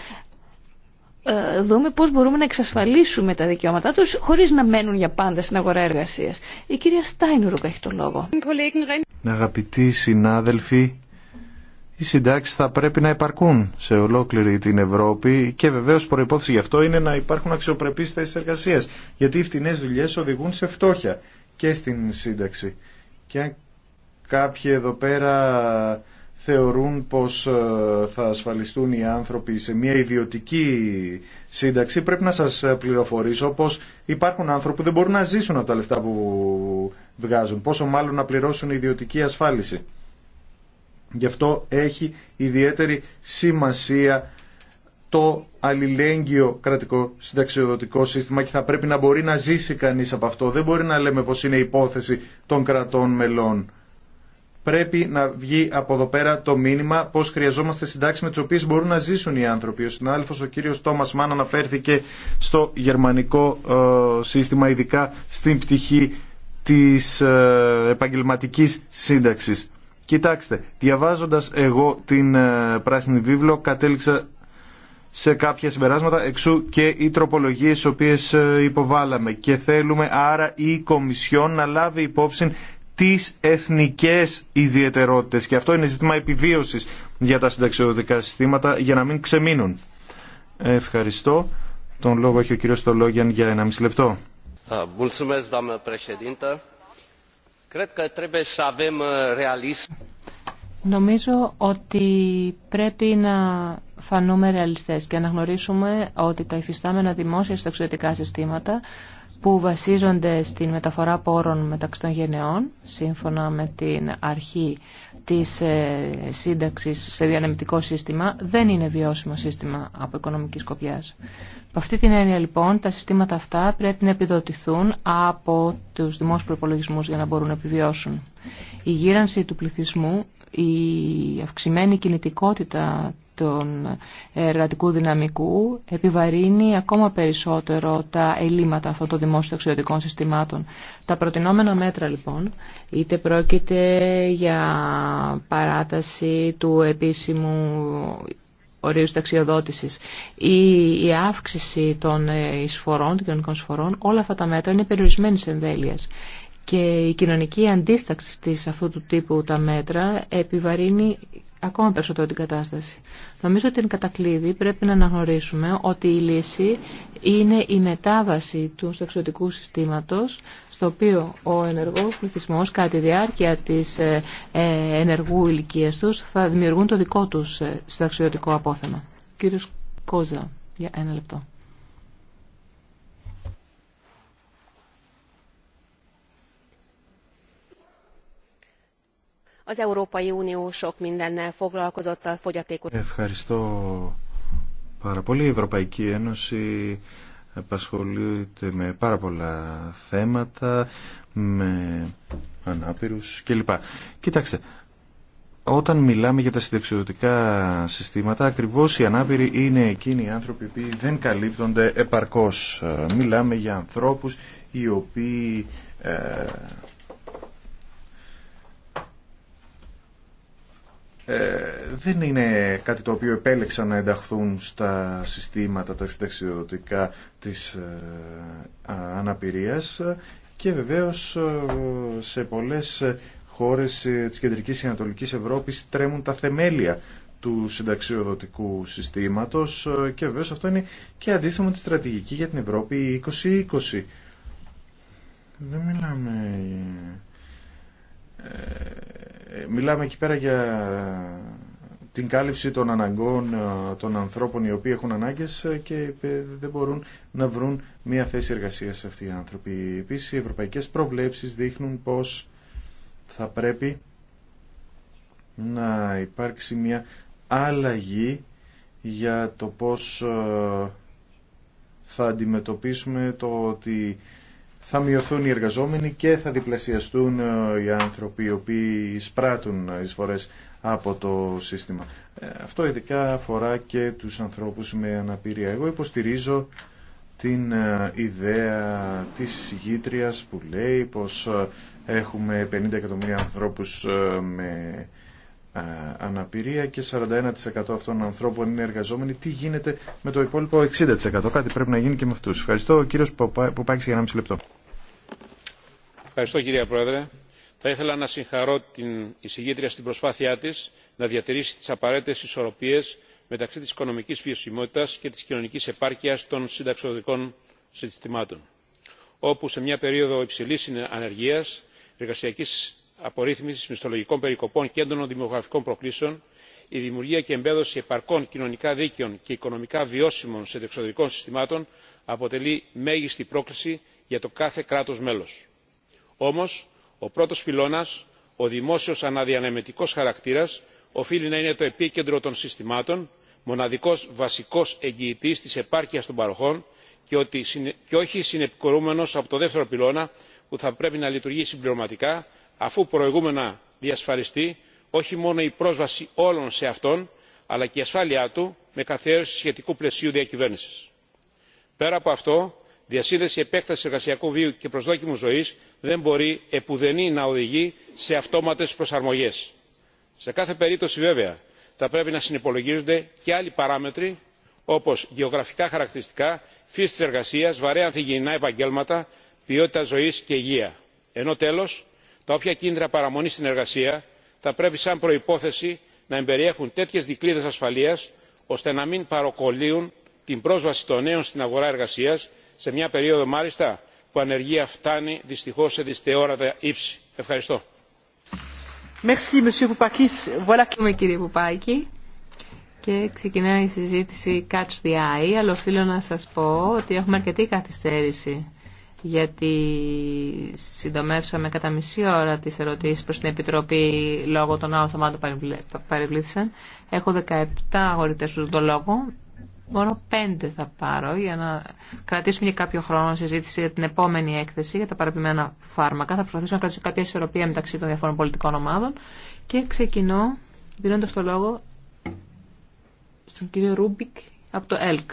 ε, δούμε πώς μπορούμε να εξασφαλίσουμε τα δικαιώματά τους χωρίς να μένουν για πάντα στην αγορά εργασίας. Η κυρία Στάινουρουκ έχει το λόγο. Αγαπητοί συνάδελφοι, οι συντάξει θα πρέπει να υπαρκούν σε ολόκληρη την Ευρώπη και βεβαίω προπόθεση γι' αυτό είναι να υπάρχουν αξιοπρεπείς θέσει εργασία. γιατί οι φτηνέ δουλειέ οδηγούν σε φτώχεια και στην σύνταξη. Και αν κάποιοι εδώ πέρα θεωρούν πως ε, θα ασφαλιστούν οι άνθρωποι σε μια ιδιωτική σύνταξη πρέπει να σας ε, πληροφορήσω πως υπάρχουν άνθρωποι που δεν μπορούν να ζήσουν από τα λεφτά που βγάζουν πόσο μάλλον να πληρώσουν ιδιωτική ασφάλιση. Γι' αυτό έχει ιδιαίτερη σημασία το αλληλέγγυο κρατικό συνταξιοδοτικό σύστημα και θα πρέπει να μπορεί να ζήσει κανείς από αυτό. Δεν μπορεί να λέμε πως είναι υπόθεση των κρατών μελών. Πρέπει να βγει από εδώ πέρα το μήνυμα πως χρειαζόμαστε συντάξεις με τις οποίες μπορούν να ζήσουν οι άνθρωποι. Ο συνάδελφος ο κύριος Τόμας Μάν αναφέρθηκε στο γερμανικό ε, σύστημα, ειδικά στην πτυχή της ε, επαγγελματικής σύνταξης. Κοιτάξτε, διαβάζοντας εγώ την ε, πράσινη βίβλο κατέληξα σε κάποια συμπεράσματα εξού και οι τροπολογίες οποίες ε, υποβάλαμε και θέλουμε άρα η Κομισιόν να λάβει υπόψη τις εθνικές ιδιαιτερότητες και αυτό είναι ζήτημα επιβίωσης για τα συνταξιοδοτικά συστήματα για να μην ξεμείνουν. Ευχαριστώ. Τον λόγο έχει ο κύριος Στολόγιαν για ένα μισή λεπτό. Ε, Uh, Νομίζω ότι πρέπει να φανούμε ρεαλιστές και να γνωρίσουμε ότι τα υφιστάμενα δημόσια εξωτερικά συστήματα που βασίζονται στην μεταφορά πόρων μεταξύ των γενεών, σύμφωνα με την αρχή της ε, σύνταξης σε διανεμητικό σύστημα, δεν είναι βιώσιμο σύστημα από οικονομική σκοπιάς. Από αυτή την έννοια λοιπόν τα συστήματα αυτά πρέπει να επιδοτηθούν από τους δημόσιους προπολογισμούς για να μπορούν να επιβιώσουν. Η γύρανση του πληθυσμού, η αυξημένη κινητικότητα των εργατικού δυναμικού επιβαρύνει ακόμα περισσότερο τα ελλείμματα αυτών των δημόσιων αξιωτικών συστημάτων. Τα προτινόμενα μέτρα λοιπόν, είτε πρόκειται για παράταση του επίσημου ορίους ταξιοδότηση ή η αύξηση των ε, εισφορών, των κοινωνικών εισφορών, όλα αυτά τα μέτρα είναι περιορισμένη εμβέλεια. Και η κοινωνική αντίσταξη της αυτού του τύπου τα μέτρα επιβαρύνει ακόμα περισσότερο την κατάσταση. Νομίζω ότι είναι κατακλείδη πρέπει να αναγνωρίσουμε ότι η λύση είναι η μετάβαση του σταξιωτικού συστήματος στο οποίο ο ενεργός πληθυσμό κατά τη διάρκεια της ε, ε, ενεργού ηλικία τους θα δημιουργούν το δικό τους ε, συνταξιωτικό απόθεμα. Κύριος Κόζα, για ένα λεπτό. Ευχαριστώ πάρα πολύ. Ευρωπαϊκή Ένωση απασχολείται με πάρα πολλά θέματα, με ανάπηρους κλπ. Κοιτάξτε, όταν μιλάμε για τα συνδεξιωτικά συστήματα, ακριβώς οι ανάπηροι είναι εκείνοι οι άνθρωποι που δεν καλύπτονται επαρκώς. Μιλάμε για ανθρώπους οι οποίοι ε, Ε, δεν είναι κάτι το οποίο επέλεξαν να ενταχθούν στα συστήματα, τα συνταξιδοτικά της ε, αναπηρίας και βεβαίως ε, σε πολλές χώρες της κεντρικής και ανατολικής Ευρώπης τρέμουν τα θεμέλια του συνταξιοδοτικού συστήματος και βεβαίω αυτό είναι και αντίθετο με τη στρατηγική για την Ευρώπη 2020. Δεν μιλάμε ε, μιλάμε εκεί πέρα για την κάλυψη των αναγκών ε, των ανθρώπων οι οποίοι έχουν ανάγκες ε, και δεν μπορούν να βρουν μια θέση εργασίας αυτοί οι άνθρωποι. Επίσης οι ευρωπαϊκές προβλέψεις δείχνουν πως θα πρέπει να υπάρξει μια αλλαγή για το πως θα αντιμετωπίσουμε το ότι θα μειωθούν οι εργαζόμενοι και θα διπλασιαστούν ε, οι άνθρωποι οι οποίοι εισπράττουν εισφορές από το σύστημα. Ε, αυτό ειδικά αφορά και τους ανθρώπους με αναπηρία. Εγώ υποστηρίζω την ε, ιδέα της συγγήτριας που λέει πως έχουμε 50 εκατομμύρια ανθρώπους με ε, αναπηρία και 41% αυτών των ανθρώπων είναι εργαζόμενοι. Τι γίνεται με το υπόλοιπο 60%. Κάτι πρέπει να γίνει και με αυτού. Ευχαριστώ. Ο κύριο Ποπάκης για ένα μισή λεπτό. Ευχαριστώ κύριε Πρόεδρε. Θα ήθελα να συγχαρώ την εισηγήτρια στην προσπάθειά τη να διατηρήσει τις απαραίτητες ισορροπίες μεταξύ τη οικονομική βιωσιμότητας και τη κοινωνική επάρκεια των συνταξιδοτικών συστημάτων όπου σε μια περίοδο υψηλή ανεργία, εργασιακή απορρίθμισης μισθολογικών περικοπών και έντονων δημογραφικών προκλήσεων η δημιουργία και εμπέδωση επαρκών κοινωνικά δίκαιων και οικονομικά βιώσιμων συνταξιοδοτικών συστημάτων αποτελεί μέγιστη πρόκληση για το κάθε κράτος μέλος. όμως ο πρώτος πυλώνας ο δημόσιος αναδιανεμητικός χαρακτήρας οφείλει να είναι το επίκεντρο των συστημάτων μοναδικός βασικός εγγυητής τη επάρκεια των παροχών και, όχι συνεπικορούμενο από το δεύτερο πυλώνα που θα πρέπει να λειτουργεί συμπληρωματικά αφού προηγούμενα διασφαλιστεί όχι μόνο η πρόσβαση όλων σε αυτόν αλλά και η ασφάλειά του με καθιέρωση σχετικού πλαισίου διακυβέρνηση. πέρα από αυτό διασύνδεση επέκταση εργασιακού βίου και προσδόκιμου ζωή δεν μπορεί επουδενή να οδηγεί σε αυτόματε προσαρμογέ. σε κάθε περίπτωση βέβαια θα πρέπει να συνυπολογίζονται και άλλοι παράμετροι όπω γεωγραφικά χαρακτηριστικά φύση τη εργασία βαρέα ανθιγεινά επαγγέλματα ποιότητα ζωή και υγεία. ενώ τέλο τα όποια κίνητρα παραμονή στην εργασία θα πρέπει σαν προϋπόθεση να εμπεριέχουν τέτοιες δικλείδες ασφαλείας ώστε να μην παροκολύουν την πρόσβαση των νέων στην αγορά εργασίας σε μια περίοδο μάλιστα που η ανεργία φτάνει δυστυχώς σε δυσταιόρατα ύψη. ευχαριστώ. κύριε και ξεκινάει η συζήτηση Catch the Eye, αλλά οφείλω να σας πω ότι έχουμε αρκετή καθυστέρηση γιατί συντομεύσαμε κατά μισή ώρα τις ερωτήσεις προς την Επιτροπή λόγω των άλλων θεμάτων που παρευλήθησαν. Έχω 17 αγορητές του λόγο. Μόνο 5 θα πάρω για να κρατήσουμε και κάποιο χρόνο συζήτηση για την επόμενη έκθεση για τα παραπημένα φάρμακα. Θα προσπαθήσω να κρατήσω κάποια ισορροπία μεταξύ των διαφόρων πολιτικών ομάδων και ξεκινώ δίνοντας το λόγο στον κύριο Ρούμπικ από το ΕΛΚ.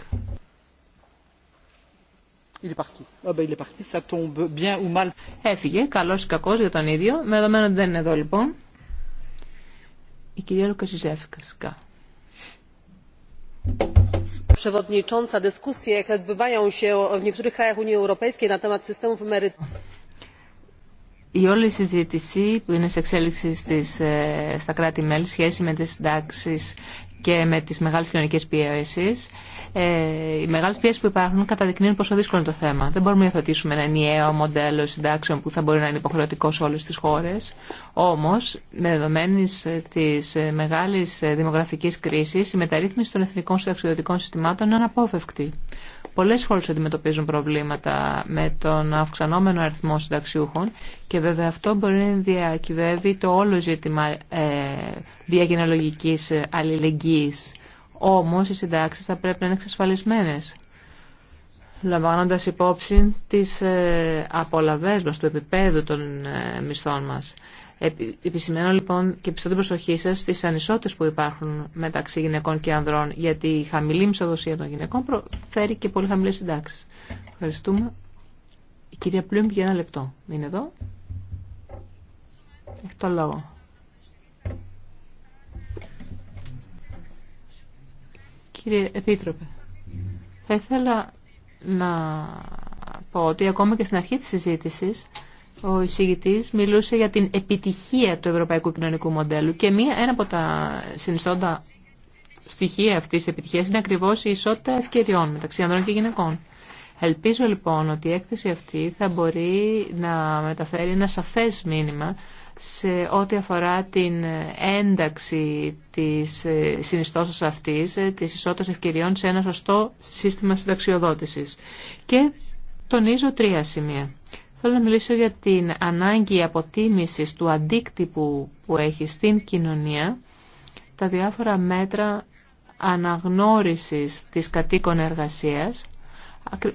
Έφυγε, καλό ή κακό για τον ίδιο. Με δεδομένο ότι δεν είναι εδώ λοιπόν. Η κυρία Λουκασιζέφικα. Przewodnicząca, dyskusje, jak odbywają się w niektórych krajach Unii Europejskiej na temat systemów emerytalnych. I όλη η συζήτηση που είναι σε εξέλιξη στις, ε, στα κράτη-μέλη σχέση με τις συντάξει και με τις μεγάλες κοινωνικές πιέσεις ε, οι μεγάλε πιέσει που υπάρχουν καταδεικνύουν πόσο δύσκολο είναι το θέμα. Δεν μπορούμε να υιοθετήσουμε ένα ενιαίο μοντέλο συντάξεων που θα μπορεί να είναι υποχρεωτικό σε όλε τι χώρε. Όμω, με δεδομένη ε, τη ε, μεγάλη δημογραφική κρίση, η μεταρρύθμιση των εθνικών συνταξιδοτικών συστημάτων είναι αναπόφευκτη. Πολλέ χώρε αντιμετωπίζουν προβλήματα με τον αυξανόμενο αριθμό συνταξιούχων και βέβαια αυτό μπορεί να διακυβεύει το όλο ζήτημα ε, αλληλεγγύη όμως οι συντάξεις θα πρέπει να είναι εξασφαλισμένες λαμβάνοντα υπόψη τις ε, απολαυέ μα, του επίπεδου των ε, μισθών μας. Επισημαίνω λοιπόν και πιστώ την προσοχή σα στι ανισότητε που υπάρχουν μεταξύ γυναικών και ανδρών, γιατί η χαμηλή μισοδοσία των γυναικών προφέρει και πολύ χαμηλέ συντάξει. Ευχαριστούμε. Η κυρία Πλούμπ για ένα λεπτό. Είναι εδώ. Έχει το λόγο. Κύριε Επίτροπε, θα ήθελα να πω ότι ακόμα και στην αρχή της συζήτησης ο εισηγητής μιλούσε για την επιτυχία του ευρωπαϊκού κοινωνικού μοντέλου και μία, ένα από τα συνιστόντα στοιχεία αυτής της επιτυχίας είναι ακριβώς η ισότητα ευκαιριών μεταξύ ανδρών και γυναικών. Ελπίζω λοιπόν ότι η έκθεση αυτή θα μπορεί να μεταφέρει ένα σαφές μήνυμα σε ό,τι αφορά την ένταξη της συνιστώσεως αυτής, ε, της ισότητας ευκαιριών σε ένα σωστό σύστημα συνταξιοδότησης. Και τονίζω τρία σημεία. Θέλω να μιλήσω για την ανάγκη αποτίμησης του αντίκτυπου που έχει στην κοινωνία τα διάφορα μέτρα αναγνώρισης της κατοίκων εργασίας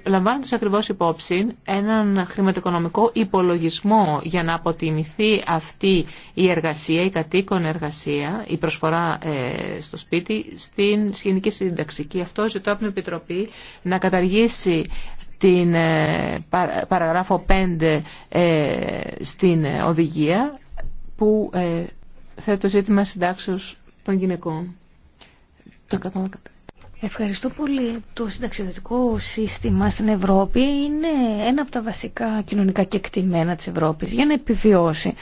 λαμβάνοντας ακριβώς υπόψη έναν χρηματοοικονομικό υπολογισμό για να αποτιμηθεί αυτή η εργασία, η κατοίκον εργασία, η προσφορά ε, στο σπίτι στην σχηνική σύνταξη. Και αυτό ζητώ από την Επιτροπή να καταργήσει την ε, παραγράφο 5 ε, στην οδηγία που θέτει το ζήτημα συντάξεως των γυναικών. Το Ευχαριστώ πολύ. Το συνταξιδοτικό σύστημα στην Ευρώπη είναι ένα από τα βασικά κοινωνικά κεκτημένα της Ευρώπης για να επιβιώσει.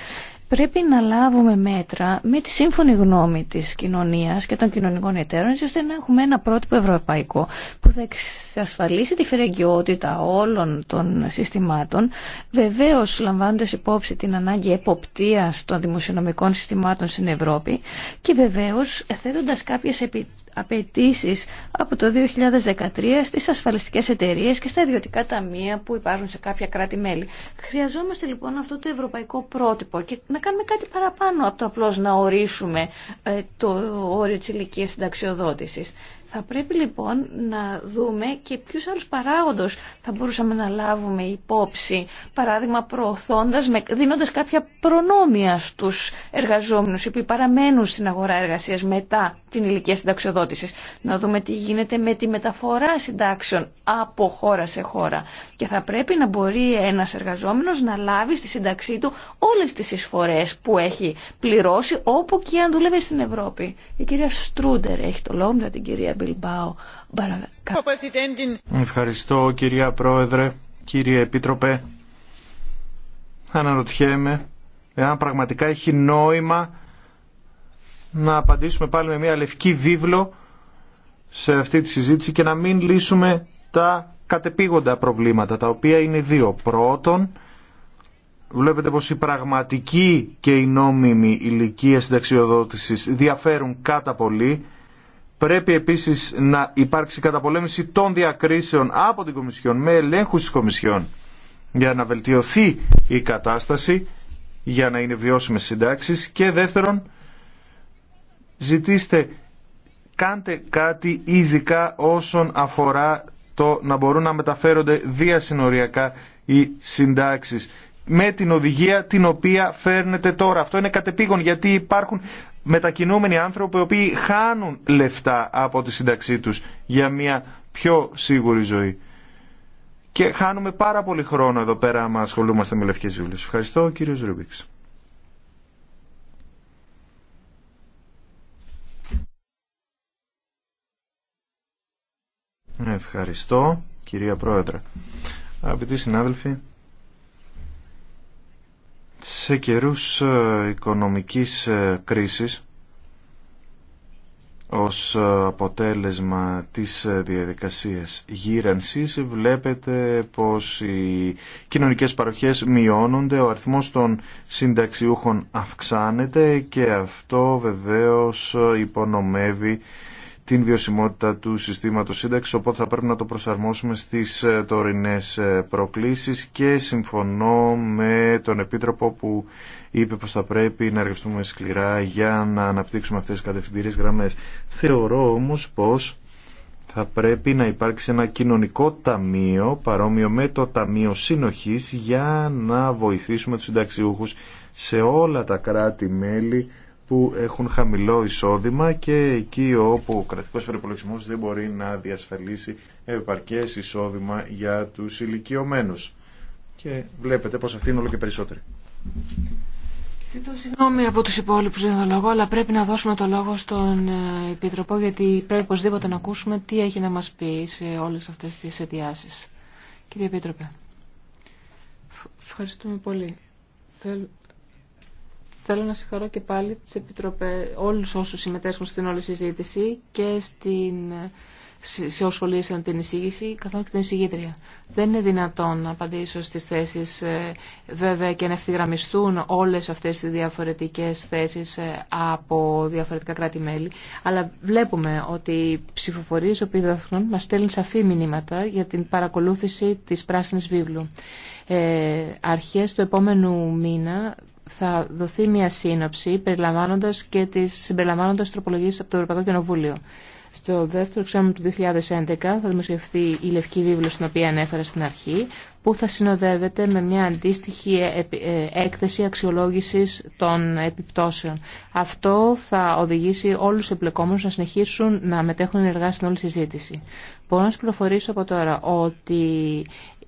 Πρέπει να λάβουμε μέτρα με τη σύμφωνη γνώμη της κοινωνίας και των κοινωνικών εταίρων, ώστε να έχουμε ένα πρότυπο ευρωπαϊκό που θα εξασφαλίσει τη φερεγκιότητα όλων των συστημάτων, βεβαίως λαμβάνοντας υπόψη την ανάγκη εποπτείας των δημοσιονομικών συστημάτων στην Ευρώπη και βεβαίως θέτοντας κάποιες επι απαιτήσει από το 2013 στις ασφαλιστικές εταιρείες και στα ιδιωτικά ταμεία που υπάρχουν σε κάποια κράτη-μέλη. Χρειαζόμαστε λοιπόν αυτό το ευρωπαϊκό πρότυπο και να κάνουμε κάτι παραπάνω από το απλώς να ορίσουμε ε, το όριο της ηλικίας συνταξιοδότησης. Θα πρέπει λοιπόν να δούμε και ποιους άλλους παράγοντες θα μπορούσαμε να λάβουμε υπόψη, παράδειγμα προωθώντας, δίνοντας κάποια προνόμια στους εργαζόμενους οι οποίοι παραμένουν στην αγορά εργασίας μετά την ηλικία συνταξιοδότηση. Να δούμε τι γίνεται με τη μεταφορά συντάξεων από χώρα σε χώρα. Και θα πρέπει να μπορεί ένα εργαζόμενο να λάβει στη σύνταξή του όλε τι εισφορέ που έχει πληρώσει όπου και αν δουλεύει στην Ευρώπη. Η κυρία Στρούντερ έχει το λόγο μετά την κυρία Μπιλμπάου. Ευχαριστώ κυρία Πρόεδρε, κύριε Επίτροπε. Αναρωτιέμαι εάν πραγματικά έχει νόημα να απαντήσουμε πάλι με μια λευκή βίβλο σε αυτή τη συζήτηση και να μην λύσουμε τα κατεπήγοντα προβλήματα, τα οποία είναι δύο. Πρώτον, βλέπετε πως η πραγματική και η νόμιμη ηλικία συνταξιοδότησης διαφέρουν κατά πολύ. Πρέπει επίσης να υπάρξει καταπολέμηση των διακρίσεων από την Κομισιόν με ελέγχου της Κομισιόν για να βελτιωθεί η κατάσταση, για να είναι βιώσιμες συντάξεις και δεύτερον ζητήστε κάντε κάτι ειδικά όσον αφορά το να μπορούν να μεταφέρονται διασυνοριακά οι συντάξεις με την οδηγία την οποία φέρνετε τώρα. Αυτό είναι κατεπήγον γιατί υπάρχουν μετακινούμενοι άνθρωποι οι οποίοι χάνουν λεφτά από τη σύνταξή τους για μια πιο σίγουρη ζωή. Και χάνουμε πάρα πολύ χρόνο εδώ πέρα άμα ασχολούμαστε με λευκές βιβλίες. Ευχαριστώ κύριος Ρούμπιξ. Ευχαριστώ, κυρία Πρόεδρε. Αγαπητοί συνάδελφοι, σε καιρούς ε, οικονομικής ε, κρίσης, ως ε, αποτέλεσμα της διαδικασίας γύρανσης βλέπετε πως οι κοινωνικές παροχές μειώνονται, ο αριθμός των συνταξιούχων αυξάνεται και αυτό βεβαίως υπονομεύει την βιωσιμότητα του συστήματος σύνταξης, οπότε θα πρέπει να το προσαρμόσουμε στις ε, τωρινές ε, προκλήσεις και συμφωνώ με τον Επίτροπο που είπε πως θα πρέπει να εργαστούμε σκληρά για να αναπτύξουμε αυτές τις κατευθυντήριες γραμμές. Θεωρώ όμως πως θα πρέπει να υπάρξει ένα κοινωνικό ταμείο παρόμοιο με το Ταμείο Συνοχής για να βοηθήσουμε τους συνταξιούχους σε όλα τα κράτη-μέλη που έχουν χαμηλό εισόδημα και εκεί όπου ο κρατικός περιπολογισμός δεν μπορεί να διασφαλίσει επαρκές εισόδημα για τους ηλικιωμένου. Και βλέπετε πως αυτοί είναι όλο και περισσότεροι. Ζητώ συγγνώμη από τους υπόλοιπους για τον λόγο, αλλά πρέπει να δώσουμε το λόγο στον ε, Επιτροπό, γιατί πρέπει οπωσδήποτε να ακούσουμε τι έχει να μας πει σε όλες αυτές τις αιτιάσεις. Κύριε Επίτροπε, ευχαριστούμε πολύ. Θέλω Θέλω να συγχαρώ και πάλι τις επιτροπές, όλους όσους συμμετέσχουν στην όλη συζήτηση και στην, σε όσους λύσαν την εισήγηση, καθόλου και την εισηγήτρια. Δεν είναι δυνατόν να απαντήσω στις θέσεις, ε, βέβαια, και να ευθυγραμμιστούν όλες αυτές οι διαφορετικές θέσεις ε, από διαφορετικά κράτη-μέλη. Αλλά βλέπουμε ότι οι ψηφοφορίες που δοθούν μας στέλνουν σαφή μηνύματα για την παρακολούθηση της πράσινης βίβλου. Ε, αρχές του επόμενου μήνα θα δοθεί μια σύνοψη περιλαμβάνοντας και τις συμπεριλαμβάνοντας τροπολογίες από το Ευρωπαϊκό Κοινοβούλιο. Στο δεύτερο εξάμεινο του 2011 θα δημοσιευθεί η λευκή βίβλος στην οποία ανέφερα στην αρχή που θα συνοδεύεται με μια αντίστοιχη ε, ε, έκθεση αξιολόγησης των επιπτώσεων. Αυτό θα οδηγήσει όλους τους εμπλεκόμενους να συνεχίσουν να μετέχουν ενεργά στην όλη συζήτηση. Μπορώ να σας προφορήσω από τώρα ότι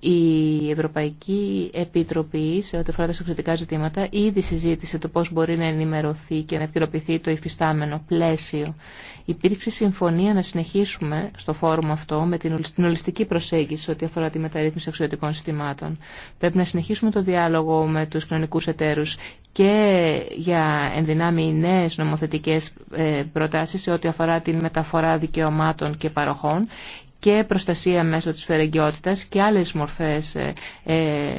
η Ευρωπαϊκή Επιτροπή σε ό,τι αφορά τα εξωτικά ζητήματα ήδη συζήτησε το πώς μπορεί να ενημερωθεί και να επικαιροποιηθεί το υφιστάμενο πλαίσιο. Υπήρξε συμφωνία να συνεχίσουμε στο φόρουμ αυτό με την ολιστική προσέγγιση σε ό,τι αφορά τη μεταρρύθμιση εξωτικών συστημάτων. Πρέπει να συνεχίσουμε το διάλογο με τους κοινωνικού εταίρους και για ενδυνάμει νέε νομοθετικές ε, προτάσεις σε ό,τι αφορά την μεταφορά δικαιωμάτων και παροχών και προστασία μέσω της φερεγγιότητας και άλλες μορφές ε, ε,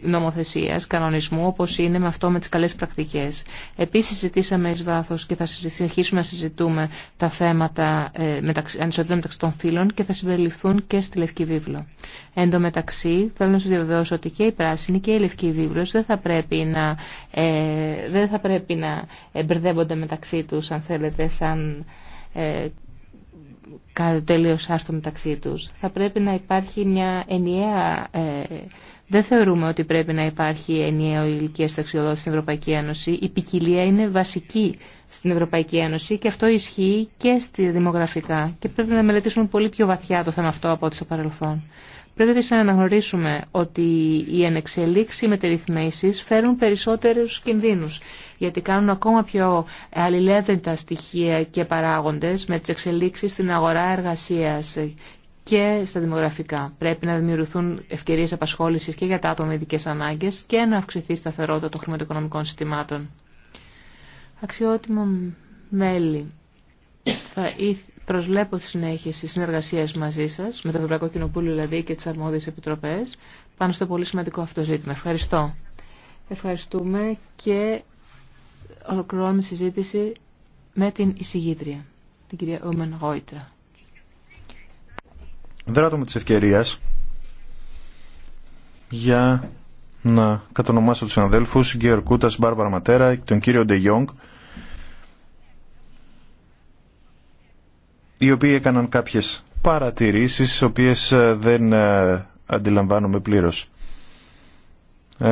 νομοθεσίας, κανονισμού, όπως είναι με αυτό με τις καλές πρακτικές. Επίσης συζητήσαμε εις βάθος και θα συνεχίσουμε να συζητούμε τα θέματα ε, ανισοτήτων μεταξύ των φύλων και θα συμπεριληφθούν και στη Λευκή Βίβλο. Εν τω μεταξύ, θέλω να σα διαβεβαιώσω ότι και η Πράσινη και η Λευκή Βίβλο δεν θα πρέπει να, δεν θα πρέπει να μπερδεύονται μεταξύ τους, αν θέλετε, σαν κάτι τελείως άστο μεταξύ τους. Θα πρέπει να υπάρχει μια ενιαία... Ε, δεν θεωρούμε ότι πρέπει να υπάρχει ενιαίο ηλικία ταξιοδότηση στην Ευρωπαϊκή Ένωση. Η ποικιλία είναι βασική στην Ευρωπαϊκή Ένωση και αυτό ισχύει και στη δημογραφικά. Και πρέπει να μελετήσουμε πολύ πιο βαθιά το θέμα αυτό από ό,τι στο παρελθόν. Πρέπει να αναγνωρίσουμε ότι οι ενεξελίξεις μετερρυθμίσεις φέρουν περισσότερους κινδύνους, γιατί κάνουν ακόμα πιο τα στοιχεία και παράγοντες με τις εξελίξεις στην αγορά εργασίας και στα δημογραφικά. Πρέπει να δημιουργηθούν ευκαιρίες απασχόλησης και για τα άτομα με ειδικέ ανάγκες και να αυξηθεί η σταθερότητα των χρηματοοικονομικών συστημάτων. Αξιότιμο μέλη, θα, Προσβλέπω τη συνέχιση συνεργασία μαζί σα, με το Ευρωπαϊκό Κοινοβούλιο δηλαδή και τι αρμόδιε επιτροπέ, πάνω στο πολύ σημαντικό αυτό ζήτημα. Ευχαριστώ. Ευχαριστούμε και ολοκληρώνουμε συζήτηση με την εισηγήτρια, την κυρία Όμεν Γόιτα. Δράτω τη ευκαιρία για να κατονομάσω τους συναδέλφους Γκέρ Κούτας, Μπάρμπαρα Ματέρα και τον κύριο Ντε οι οποίοι έκαναν κάποιες παρατηρήσεις τις οποίες ε, δεν ε, αντιλαμβάνομαι πλήρως. Ε,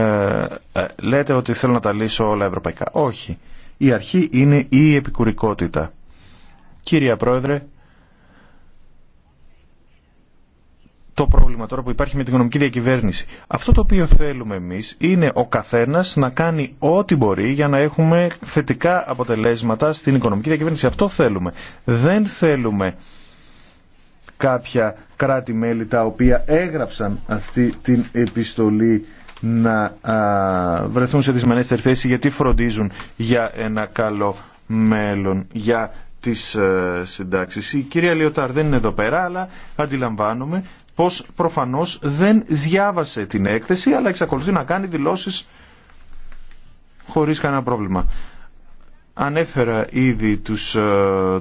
ε, λέτε ότι θέλω να τα λύσω όλα ευρωπαϊκά. Όχι. Η αρχή είναι η επικουρικότητα. Κύριε Πρόεδρε, το πρόβλημα τώρα που υπάρχει με την οικονομική διακυβέρνηση. Αυτό το οποίο θέλουμε εμείς είναι ο καθένας να κάνει ό,τι μπορεί για να έχουμε θετικά αποτελέσματα στην οικονομική διακυβέρνηση. Αυτό θέλουμε. Δεν θέλουμε κάποια κράτη-μέλη τα οποία έγραψαν αυτή την επιστολή να βρεθούν σε δυσμενέστερη θέση γιατί φροντίζουν για ένα καλό μέλλον, για τις ε, συντάξεις. Η κυρία Λιωτάρ δεν είναι εδώ πέρα, αλλά αντιλαμβάνομαι πως προφανώς δεν διάβασε την έκθεση αλλά εξακολουθεί να κάνει δηλώσεις χωρίς κανένα πρόβλημα. Ανέφερα ήδη τους ε,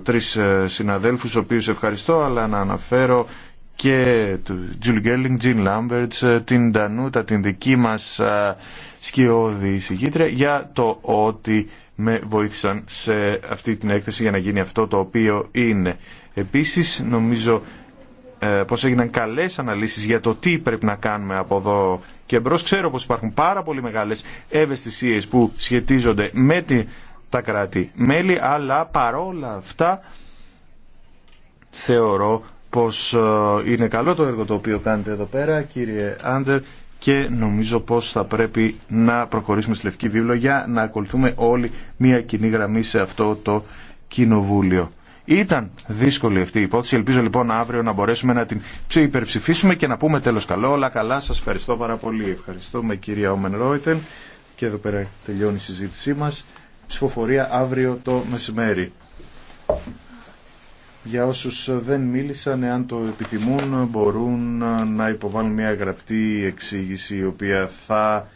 τρεις ε, συναδέλφους, οποίους ευχαριστώ, αλλά να αναφέρω και του Τζουλ Γκέρλινγκ, Τζιν Λάμπερτ, την Ντανούτα, την δική μας ε, σκιώδη για το ότι με βοήθησαν σε αυτή την έκθεση για να γίνει αυτό το οποίο είναι. Επίσης, νομίζω ε, πως έγιναν καλές αναλύσεις για το τι πρέπει να κάνουμε από εδώ και μπρος. Ξέρω πως υπάρχουν πάρα πολύ μεγάλες ευαισθησίες που σχετίζονται με τα κράτη-μέλη, αλλά παρόλα αυτά θεωρώ πως ε, είναι καλό το έργο το οποίο κάνετε εδώ πέρα, κύριε Άντερ, και νομίζω πως θα πρέπει να προχωρήσουμε στη Λευκή Βίβλο για να ακολουθούμε όλοι μία κοινή γραμμή σε αυτό το κοινοβούλιο. Ήταν δύσκολη αυτή η υπόθεση. Ελπίζω λοιπόν αύριο να μπορέσουμε να την υπερψηφίσουμε και να πούμε τέλος καλό. Όλα καλά. Σας ευχαριστώ πάρα πολύ. Ευχαριστούμε κυρία Όμεν Και εδώ πέρα τελειώνει η συζήτησή μας. Ψηφοφορία αύριο το μεσημέρι. Για όσους δεν μίλησαν, εάν το επιθυμούν, μπορούν να υποβάλουν μια γραπτή εξήγηση η οποία θα